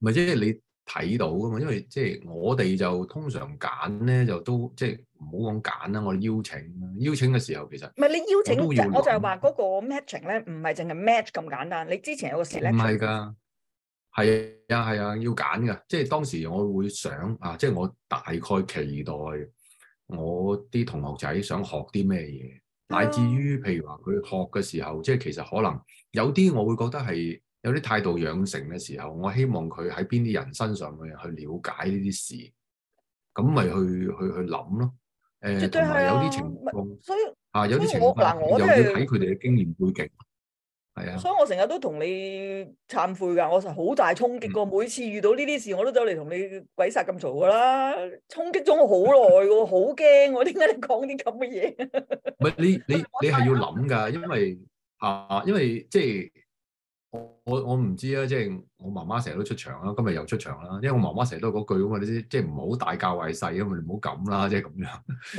唔係即係你睇到噶嘛？因為即係、就是、我哋就通常揀咧就都即係唔好講揀啦，我哋邀請邀請嘅時候其實唔係你邀請，我，我就係話嗰個 matching 咧唔係淨係 match 咁簡單。你之前有個事咧，唔係噶。係啊，係啊，要揀㗎。即係當時我會想啊，即係我大概期待我啲同學仔想學啲咩嘢，嗯、乃至於譬如話佢學嘅時候，嗯、即係其實可能有啲我會覺得係有啲態度養成嘅時候，我希望佢喺邊啲人身上去去了解呢啲事，咁咪去去去諗咯。誒，唔、呃、絕對有啲情況，嗯，所以吓、啊、所以有啲情況，又要睇佢哋嘅經驗背景。係是啊，所以我成日都同你懺悔噶，我就好大衝擊噶，嗯、每次遇到呢啲事，我都走嚟同你鬼殺咁嘈噶啦，衝擊咗我好耐噶，好驚我，點解你講啲咁嘅嘢？唔係你你你係要諗噶，因為啊，因為即係我我我唔知啊，即係我媽媽成日都出場啦，今日又出場啦，因為我媽媽成日都嗰句啊嘛，你即係唔好大教壞細啊嘛，你唔好咁啦，即係咁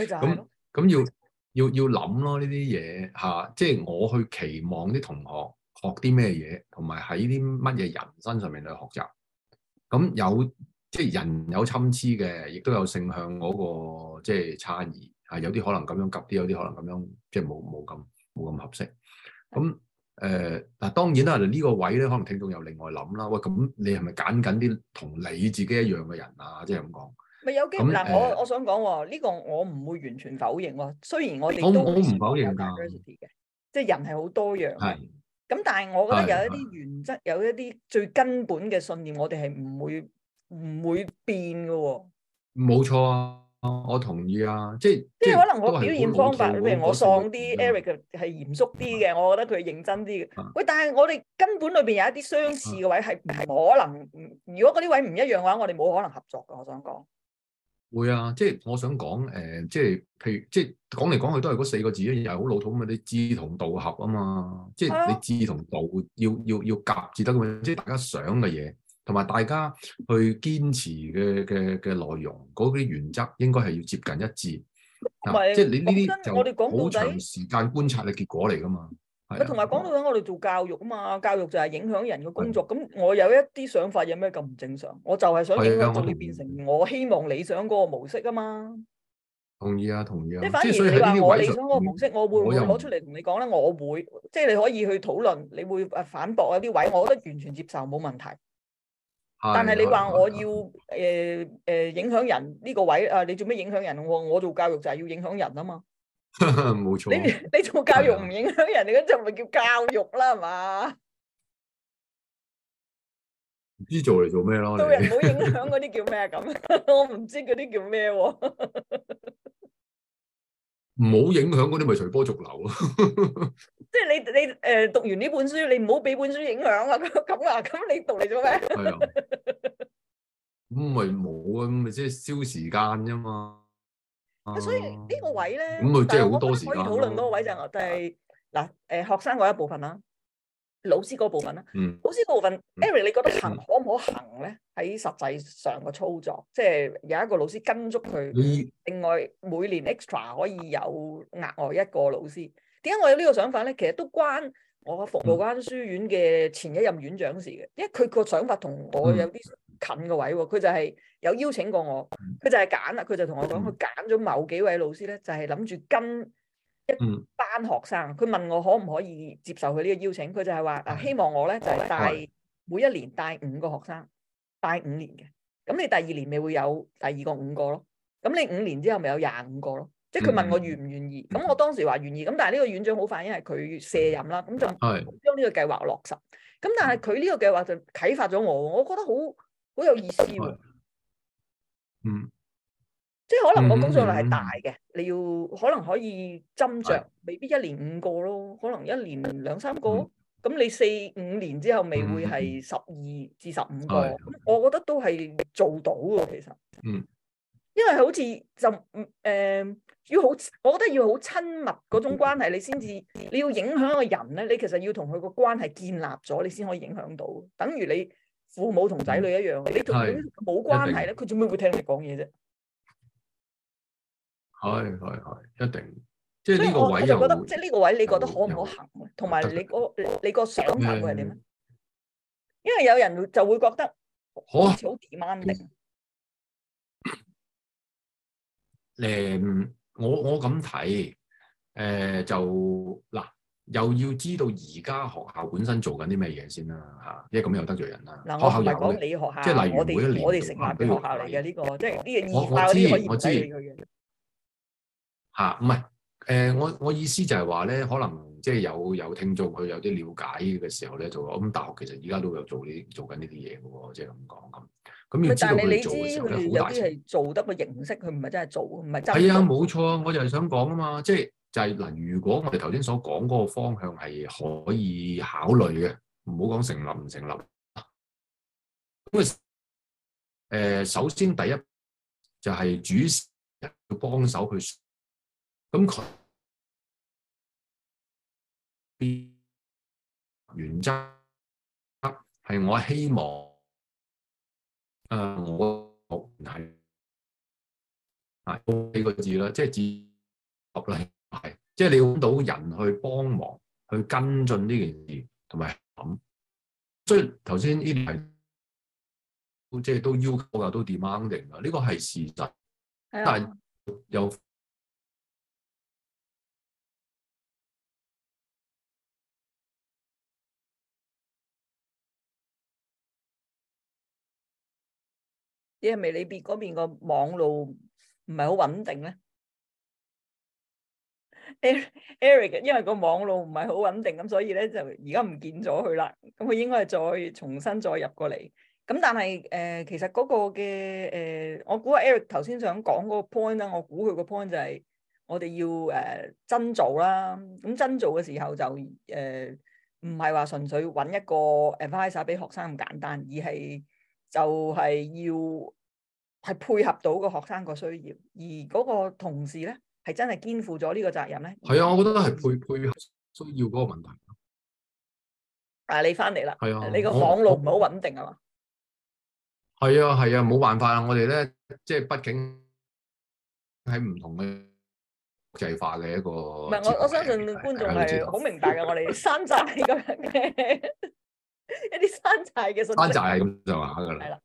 樣。咁咁要。要要諗咯呢啲嘢嚇，即係我去期望啲同學學啲咩嘢，同埋喺啲乜嘢人身上面去學習。咁有即係人有參差嘅，亦都有性向嗰個即係差異嚇。有啲可能咁樣急啲，有啲可能咁樣即係冇冇咁冇咁合適。咁誒嗱，當然啦，呢個位咧，可能聽眾又另外諗啦。喂，咁你係咪揀緊啲同你自己一樣嘅人啊？即係咁講。咪有機會嗱，我我想講喎，呢個我唔會完全否認喎。雖然我哋都唔否認噶，即係人係好多樣。咁但係我覺得有一啲原則，有一啲最根本嘅信念，我哋係唔會唔會變㗎喎。冇錯，我同意啊！即係即係可能我表現方法，譬如我喪啲，Eric 係嚴肅啲嘅，我覺得佢係認真啲嘅。喂，但係我哋根本裏邊有一啲相似嘅位係唔可能。如果嗰啲位唔一樣嘅話，我哋冇可能合作㗎。我想講。會啊，即係我想講，誒、呃，即係譬如，即係講嚟講去都係嗰四個字，又係好老土嘛。你志同道合啊嘛，啊即係你志同道要要要夾至得，即係大家想嘅嘢，同埋大家去堅持嘅嘅嘅內容，嗰啲原則應該係要接近一致，啊、即係你呢啲就好長時間觀察嘅結果嚟㗎嘛。同埋講到喺我哋做教育啊嘛，教育就係影響人嘅工作。咁的我有一啲想法，有咩咁唔正常？我就係想影響咗你變成我希望理想嗰個模式啊嘛。同意啊，同意啊。即係反而你話我理想嗰個模式，我會唔會攞出嚟同你講咧？我，有我會，即係你可以去討論，你會誒反駁一啲位，我覺得完全接受冇問題。的但係你話我要誒誒、呃呃、影響人呢個位啊？你做咩影響人？我做教育就係要影響人啊嘛。冇錯，你你做教育唔影響人哋，你咁就咪叫教育啦，係嘛？唔知做嚟做咩咯。做人唔好影響嗰啲叫咩咁？我唔知嗰啲叫咩喎。唔好影響嗰啲咪隨波逐流咯。即係你你誒，讀完呢本書，你唔好俾本書影響啊！咁啊咁，你讀嚟做咩？係啊！咁咪冇啊！咁咪即係消時間啫嘛。所以呢個位咧，咁係好多嘢可以討論、就是。嗰個位就係嗱，誒學生嗰一部分啦，老師嗰部分啦。老師部分，Eric 你覺得行、嗯、可唔可行咧？喺實際上嘅操作，即、就、係、是、有一個老師跟足佢。你另外每年 extra 可以有額外一個老師。點解我有呢個想法咧？其實都關我服務間書院嘅前一任院長事嘅，因為佢個想法同我有啲、嗯。近個位喎，佢就係有邀請過我，佢就係揀啦，佢就同我講，佢揀咗某幾位老師咧，就係諗住跟一班學生。佢問我可唔可以接受佢呢個邀請，佢就係話啊，希望我咧就係、係、帶每一年帶五個學生，帶五年嘅。咁你第二年咪會有第二個五個咯，咁你五年之後咪有廿五個咯。即係佢問我願唔願意，咁我當時話願意。咁但係呢個院長好快，因為佢卸任啦，咁就將呢個計劃落實。咁但係佢呢個計劃就啟發咗我，我覺得好。好有意思喎，嗯，即係可能個工作量係大嘅，嗯、你要可能可以斟酌，未必一年五個咯，可能一年兩三個，咁、嗯、你四五年之後，咪會係十二至十五個，嗯嗯、我覺得都係做到嘅，其實，嗯，因為好似就誒、呃、要好，我覺得要好親密嗰種關係，你先至你要影響一個人咧，你其實要同佢個關係建立咗，你先可以影響到，等於你。父母同仔女一樣，你同佢冇關係咧，佢做咩會聽你講嘢啫？係係係，一定。即係呢個位就覺得，就即係呢個位，你覺得可唔可行？同埋有你、你個得你個想法會係點咧？嗯、因為有人就會覺得，好似好 demand 嘅。誒，我我咁睇，誒、呃、就嗱。又要知道而家學校本身做緊啲咩嘢先啦，嚇！因為咁又得罪人啦。嗱、啊，我唔係講你學校，即係例如每一年，我哋成個學校嚟嘅呢個，即係啲熱鬧呢個熱體嘅嘢。唔係，誒，我我、， 啊呃、我，我意思就係話咧，可能即係有有聽眾佢有啲了解嘅時候咧，就咁大學其實而家都有做呢做緊呢啲嘢嘅喎，即係咁講咁。咁要知道佢哋做嘅時候咧，好大程度。做得個形式，佢唔係真係做，唔係真係。係啊，冇 錯啊，我就係想講啊嘛，即係。就係嗱，如果我哋頭先所講嗰個方向係可以考慮嘅，唔好講成立唔成立。咁誒，首先第一就係、是、主持人要幫手去，咁佢邊原則係我希望誒、呃，我係啊幾個字啦，即、就、係、是、自立。即係你要揾到人去幫忙，去跟進呢件事，同埋諗。所以頭先呢題都即係都要求啊，都 demanding 啊，呢個係事實。嗯、但係有，係咪你別嗰邊個網路唔係好穩定咧？Eric 因為個網絡唔係好穩定，咁所以咧就而家唔見咗佢啦。咁佢應該係再重新再入過嚟。咁但係誒、呃，其實嗰個嘅誒、呃，我估阿 Eric 頭先想講嗰個 point 啦，我估佢個 point 就係、是、我哋要誒、呃、真做啦。咁真做嘅時候就誒唔係話純粹揾一個 advisor 俾學生咁簡單，而係就係、是、要係配合到個學生個需要，而嗰個同事咧。係真係肩負咗呢個責任咧？係啊，我覺得係配配合需要嗰個問題。啊！你翻嚟啦？係啊，你個網絡唔係好穩定啊嘛。係啊，係啊，冇辦法啊！我哋咧即係畢竟喺唔同嘅國際化嘅一個。唔係，我我相信觀眾係好明白嘅，我哋山寨咁樣嘅一啲山寨嘅。 山寨係咁就話嘅啦。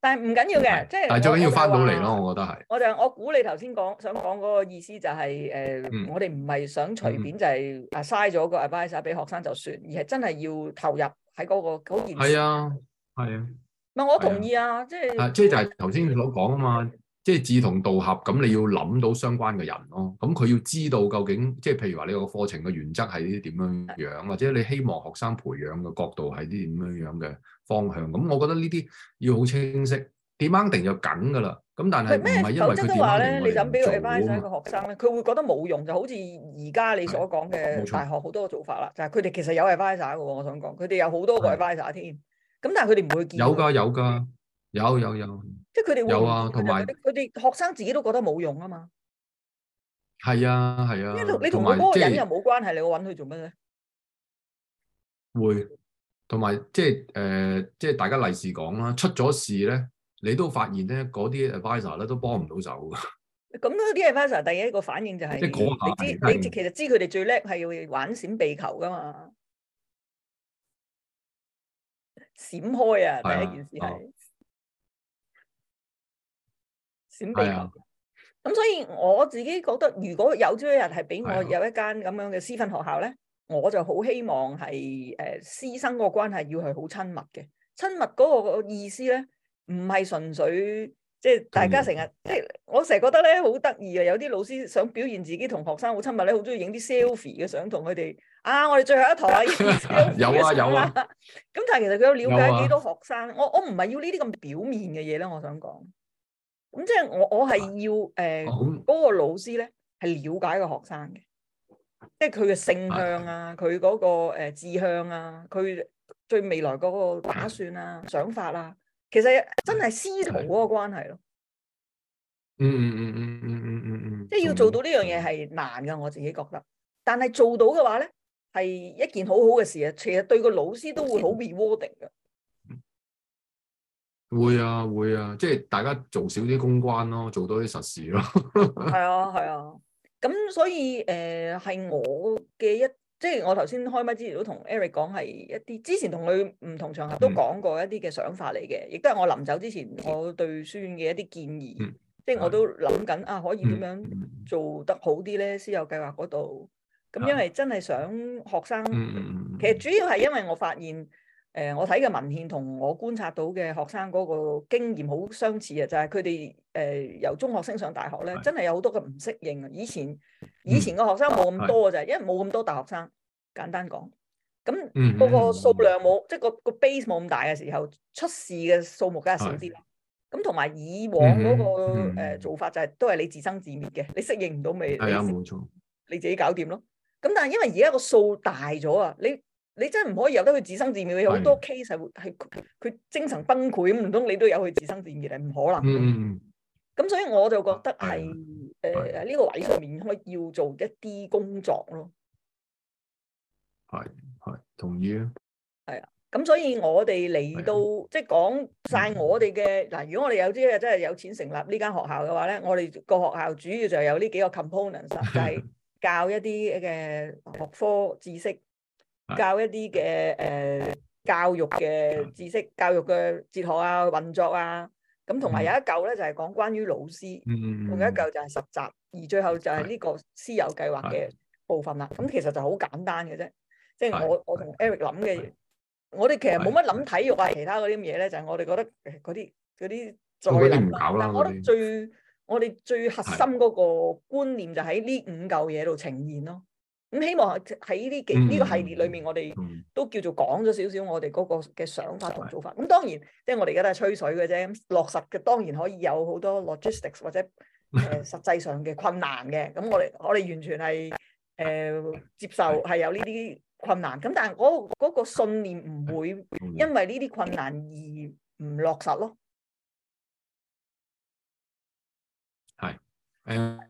但係唔緊要嘅，的即係是，但係最緊要翻到嚟咯，我覺得係。我就我估你頭先講想講嗰個意思就係、是，誒、呃，嗯、我哋唔係想隨便就係啊嘥咗個 adviser 俾、嗯、學生就算，而係真係要投入喺嗰、那個好嚴。係啊，係啊。唔係我同意啊，即係。啊，即係就係頭先你所講啊嘛。即係志同道合，咁你要諗到相關嘅人咯。咁佢要知道究竟，即係譬如話你個課程嘅原則係啲點樣樣，或者你希望學生培養嘅角度係啲點樣樣嘅方向。咁我覺得呢啲要好清晰。點肯定就梗㗎啦。咁但係唔係因為佢點？話咧？你諗俾個 adviser 一個學生咧，佢會覺得冇用，就好似而家你所講嘅大學好多嘅做法啦。就係佢哋其實有 adviser 噶喎。我想講，佢哋有好多個 adviser 添。咁的但係佢哋唔會見有的。有㗎、嗯，有㗎。有有有，即係佢哋有啊。同埋佢哋學生自己都覺得冇用啊嘛。係啊係啊，啊你同你嗰個人、就是、又冇關係，你會揾佢做乜咧？會，同埋即係誒，即係大家利是講啦。出咗事咧，你都發現咧，嗰啲 advisor 咧都幫唔到手噶。咁嗰啲 advisor 第一個反應就係、是，就你知的你其實知佢哋最叻係要玩閃避球噶嘛？閃開啊！的第一件事係。的點咁、啊、所以我自己覺得，如果有朝一日係俾我有一間咁樣嘅私訓學校咧，啊、我就好希望係誒師生個關係要係好親密嘅。親密嗰個意思咧，唔係純粹即係、就是、大家成日、啊、即係我成日覺得咧好得意啊！有啲老師想表現自己同學生好親密咧，好鍾意影啲 selfie 嘅相同佢哋啊！我哋最後一堂有啊 有啊！咁、啊、 但係其實佢有了解幾多學生？啊、我我唔係要呢啲咁表面嘅嘢咧，我想講。咁即係我我係要誒，嗰個老師咧係了解個學生嘅，即係佢嘅性向啊，佢嗰個誒志向啊，佢對未來嗰個打算啊、想法啊，其實真係師徒嗰個關係咯。嗯嗯嗯嗯嗯嗯嗯嗯，即係要做到呢樣嘢係難噶，我自己覺得。但係做到嘅話咧，係一件好好嘅事啊，其實對個老師都會好 rewarding 嘅。會啊會啊，即係大家做少啲公關咯，做多啲實事咯。係啊係啊，咁、啊、所以誒係、呃、我嘅一，即係我頭先開麥之前都同 Eric 講係一啲，之前同佢唔同場合都講過一啲嘅想法嚟嘅，亦都係我臨走之前我對書院嘅一啲建議，即係、嗯、我都諗緊啊，可以點樣做得好啲咧？私有計劃嗰度，咁因為真係想學生，嗯嗯、其實主要係因為我發現。誒、呃，我睇嘅文獻同我觀察到嘅學生嗰個經驗好相似啊，就係佢哋，誒、呃、由中學升上大學咧，是真係有好多嘅唔適應啊。以前以前個學生冇咁多就係，因為冇咁多大學生，簡單講，咁嗰個數量冇，嗯、哼即係個個 base 冇咁大嘅時候，出事嘅數目梗係少啲啦。咁同埋以往嗰、嗰個、嗯哼呃、做法就係，都係你自生自滅嘅，你適應唔到未係啊冇錯，你自己搞掂咯。咁但係因為而家個數大咗啊，你。你你真係唔可以由得佢自生自滅，有好多 case 係係佢精神崩潰，咁，唔通你都有佢自生自滅咧？唔可能。嗯。咁所以我就覺得係誒呢個位上面可以要做一啲工作咯。係，係同意啊。係啊，咁所以我哋嚟到、嗯、即係講晒我哋嘅嗱，如果我哋有啲真係有錢成立呢間學校嘅話咧，我哋個學校主要就有呢幾個 component 就係教一啲嘅學科知識。 教一啲嘅誒教育嘅知識、教育嘅哲學啊、運作啊，咁同埋有一嚿咧就係、是、講關於老師，另、嗯、一嚿就係實習，而最後就係呢個師友計劃嘅部分啦。咁的其實就好簡單嘅啫，即係的我我同 Eric 諗嘅，我哋的其實冇乜諗體育啊，的其他嗰啲咁嘢咧，就係、是、我哋覺得嗰啲啲再諗，搞，但係我覺得最些我哋最核心嗰個觀念就喺呢五嚿嘢度呈現咯。咁希望喺呢幾呢、嗯、個系列裏面，我哋都叫做講咗少少我哋嗰個嘅想法同做法。咁的當然，即係我哋而家都係吹水嘅啫。咁落實嘅當然可以有好多 logistics 或者誒、呃、實際上嘅困難嘅。咁、嗯、我哋我哋完全係誒、呃、接受係有呢啲困難。咁但係嗰、嗰個信念唔會因為呢啲困難而唔落實咯。係誒。嗯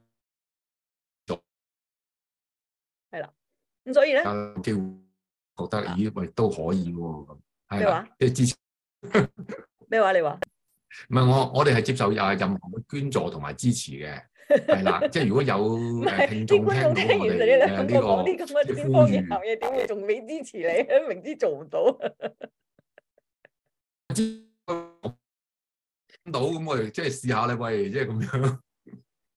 咁所以咧，機會覺得咦喂都可以喎咁，係嘛？即係支持咩話？你話唔係我，我哋係接受啊任何捐助同埋支持嘅，係啦。即係如果有誒聽眾聽到我哋誒呢、呢個嘢呼籲，仲未支、支持你，明知做唔到。 聽到咁我哋即係試下咧，喂，即係咁樣。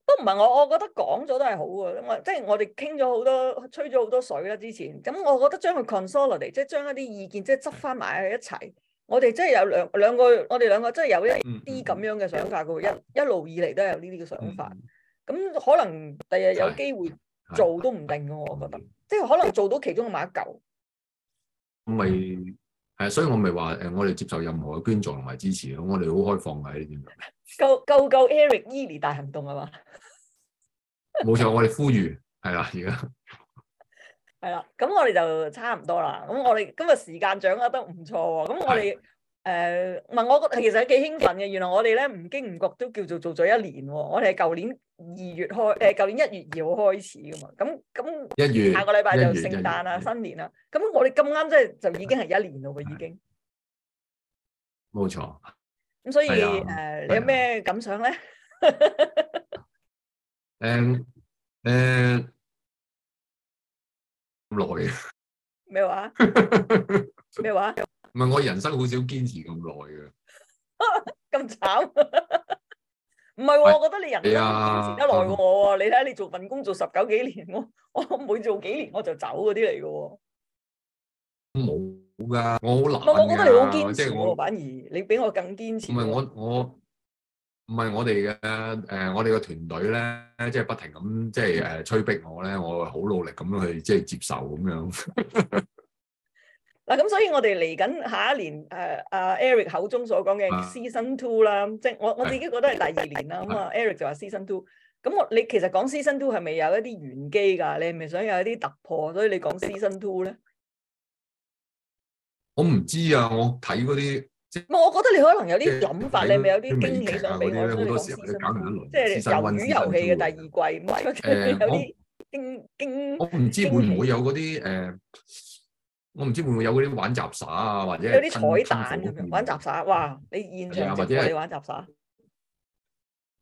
都唔係我，我覺得講咗都係好喎。即我即係我哋傾咗好多，吹咗好多水啦。之前咁，我覺得將佢 consolidate，即係將一啲意見即係執翻埋一齊。我哋即係有兩兩個，我哋兩個即係有一啲咁樣嘅想法嘅、嗯嗯、一一路以嚟都有呢啲嘅想法。咁、嗯、可能第日有機會做都唔定嘅，我覺得。即係可能做到其中嘅某一嚿。咪是。嗯誒，所以我咪話誒，我哋接受任何嘅捐助同埋支持嘅，我哋好開放嘅，呢啲咁。Go go go，Eric，Eli，大行動啊嘛！冇錯， 我哋呼籲係啦，而家係啦，咁我哋就差唔多啦。咁我哋今日時間掌握得唔錯喎，咁我哋。誒，唔係我覺得其實幾興奮嘅。原來我哋咧，唔經唔覺都叫做做咗一年喎。我哋係舊年二月開，誒，舊年一月二號開始噶嘛。咁咁，一月下個禮拜就聖誕啦，新年啦。咁我哋咁啱即係就已經係一年咯喎，已經。冇錯。咁所以誒，你有咩感想咧？誒誒，咁耐咩話？咩話？唔係我人生好少堅持咁耐嘅，咁慘 麼慘。唔 係，啊， 我覺得你人生堅持得耐過我。你睇、啊、下你，你做份工做十九幾年，我我每做幾年我就走嗰啲嚟㗎。冇噶，我好難。我覺得你好堅持。反而你比我更堅持。唔係我我唔係我哋嘅，誒，我哋嘅團隊咧，即係不、呃就是、不停咁，即係誒，催逼我咧，我好努力咁樣去，即係接受咁樣。 嗱咁，所以我哋嚟緊下一年，誒阿 Eric 口中所講嘅 Season Two 啦，即係我我自己覺得係第二年啦。咁啊，Eric 就話 Season Two，咁我你其實講 Season Two 係咪有一啲玄機㗎？你係咪想有一啲突破？所以你講 Season Two 咧？我唔知啊，我睇嗰啲，唔係我覺得你可能有啲諗法，你係咪有啲驚喜想畀我啊？嗰啲咧，好多時候都揀唔到，即係魷魚遊戲嘅第二季，唔係有啲驚驚。我唔知會唔會有嗰啲誒？我唔知會唔會有嗰啲玩雜耍啊，或者有啲彩蛋咁樣、啊、玩雜耍、啊。哇！你現場或者你玩雜耍，誒、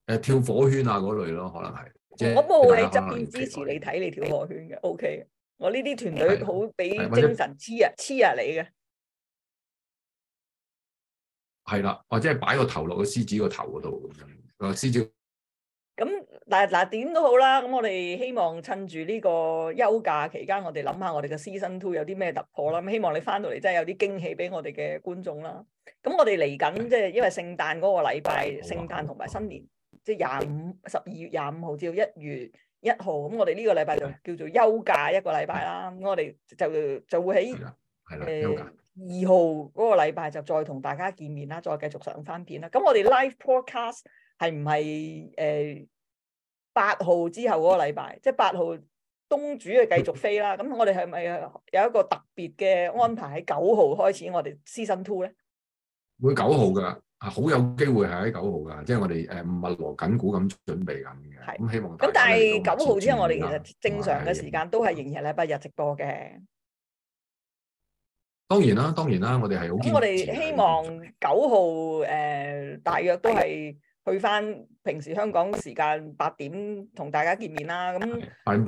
呃、跳火圈啊嗰類咯，可能係。我冇喺側邊支持你睇你跳火圈嘅，OK。我呢啲團隊好俾精神黐啊黐啊你嘅。係啦，或者係擺、啊、個頭落個獅子頭個頭嗰度，個獅子。咁。嗱嗱點都好啦，咁我哋希望趁住呢個休假期間，我哋諗下我哋嘅 Season Two 有啲咩突破啦。咁希望你翻到嚟真係有啲驚喜俾我哋嘅觀眾啦。咁我哋嚟緊即係因為聖誕嗰個禮拜，聖誕同埋新年，即係廿五十二月廿五號至到一月一號，咁我哋呢個禮拜就叫做休假一個禮拜啦。咁我哋就就會喺誒二號嗰個禮拜就再同大家見面啦，再繼續上翻片啦。咁我哋 Live Podcast 係唔係誒？呃八號之後嗰個禮拜，即係八號東主嘅繼續飛啦。咁我哋係咪有一個特別嘅安排喺九號開始？我哋 season two 咧？會九號噶啦，啊好有機會係喺九號噶，即係我哋誒密鑼緊鼓咁準備咁嘅。係咁，希望咁。但係九號之後，我哋其實正常嘅時間都係仍然係禮拜日直播嘅。當然啦，當然啦，我哋係好。咁我哋希望九號誒，大約都係。去翻平時香港時間八點同大家見面啦，咁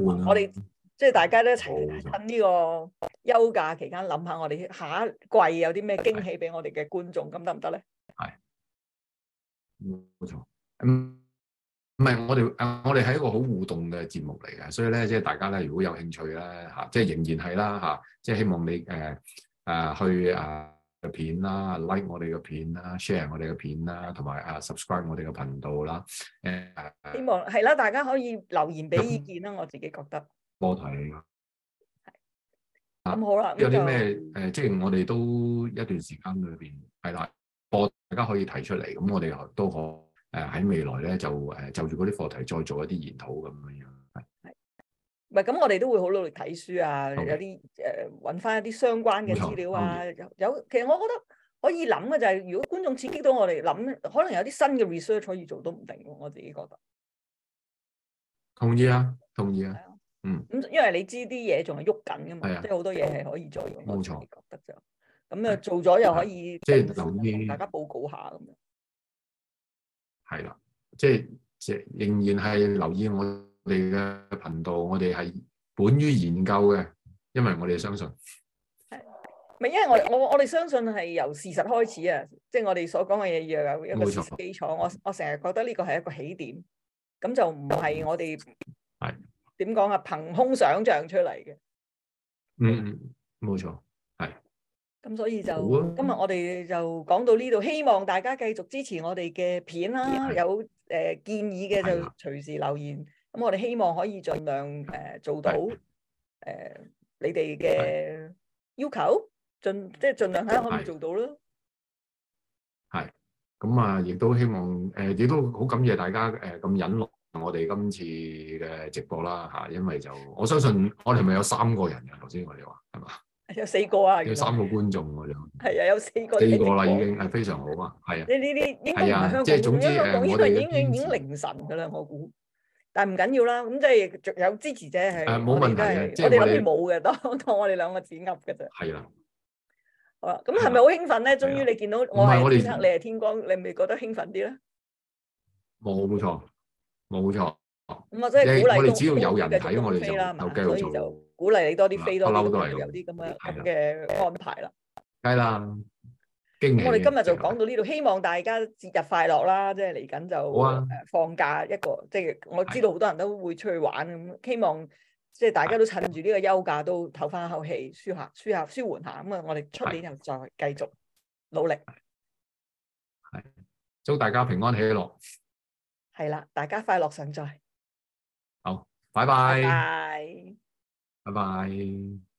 我哋即係大家都一齊趁呢個休假期間，諗下我哋下一季有啲咩驚喜俾我哋嘅觀眾，咁得唔得咧？係，冇錯。咁唔係我哋，我哋係一個好互動嘅節目嚟嘅，所以咧即係大家咧如果有興趣咧嚇，即係仍然係啦嚇，即係希望你誒誒、呃呃、去啊。呃片啦，like 我哋嘅片啦，share 我哋嘅片啦，同埋啊 subscribe 我哋嘅頻道啦。Uh, 希望係啦，大家可以留言俾意見啦。咁我自己覺得課題咁，好啦。有啲咩誒，嗯、即係我哋都一段時間裏邊係啦，課題大家可以提出嚟，咁我哋都可誒喺未來咧就誒就住嗰啲課題再做一啲研討咁樣樣。唔係咁，我哋都會好努力睇書啊。意有啲誒揾翻一啲相關嘅資料啊。意有，有其實我覺得可以諗嘅就係，如果觀眾刺激到我哋諗，可能有啲新嘅 research 可以做都唔定喎。我自己覺得同意啊，同意啊。啊嗯，咁因為你知啲嘢仲係喐緊㗎嘛，啊、即係好多嘢係可以再用。冇意錯，覺得就咁啊，做咗又可以即係留意大家報告下咁樣。係啦，即係即仍然係留意我。我哋嘅頻道，我哋係本於研究嘅，因為我哋相信係，唔係因為我我我哋相信係由事實開始啊，即係我哋所講嘅嘢要有一個事實基礎。我我成日覺得呢個係一個起點，咁就唔係我哋係點講啊，憑空想象出嚟嘅。嗯，冇錯，係。咁所以就今日我哋就講到呢度，希望大家繼續支持我哋嘅片啦。有誒建議嘅就隨時留言。咁我哋希望可以儘量誒做到誒是的、呃、你哋嘅要求，的盡即係儘量睇下可唔可以做到咯。係咁啊，亦、嗯、都希望誒，亦、呃、都好感謝大家誒咁引錄我哋今次嘅直播啦嚇、啊，因為就我相信我哋係咪有三個人啊頭先，我哋話係嘛？有四個啊，有三個觀眾我就係啊，有四個四個啦已經係非常好啊，係啊。你呢啲應該唔係香港，因為已經已經凌晨噶啦，我估。但係唔緊要啦，咁即係仲有支持者係，冇問題嘅，我哋諗住冇嘅，當當我哋兩個字噏嘅啫。係啊，好啦，咁係咪好興奮咧？終於你見到我係天黑，你係天光，你咪覺得興奮啲咧？冇冇錯，冇錯。咁我真係鼓勵，我哋只要有人睇，我哋就繼續做。鼓勵你多啲飛多，有啲咁嘅咁嘅安排啦。係啦。我哋今日就講到呢度，的希望大家節日快樂啦！即係嚟緊就放假一個，啊、即係我知道好多人都會出去玩咁。的希望即係大家都趁住呢個休假都唞翻一口氣，舒下舒下舒緩下。咁啊，我哋出年又再繼續努力。係，祝大家平安喜樂。係啦，大家快樂常在。好，拜拜。拜拜。拜拜。拜拜。拜拜。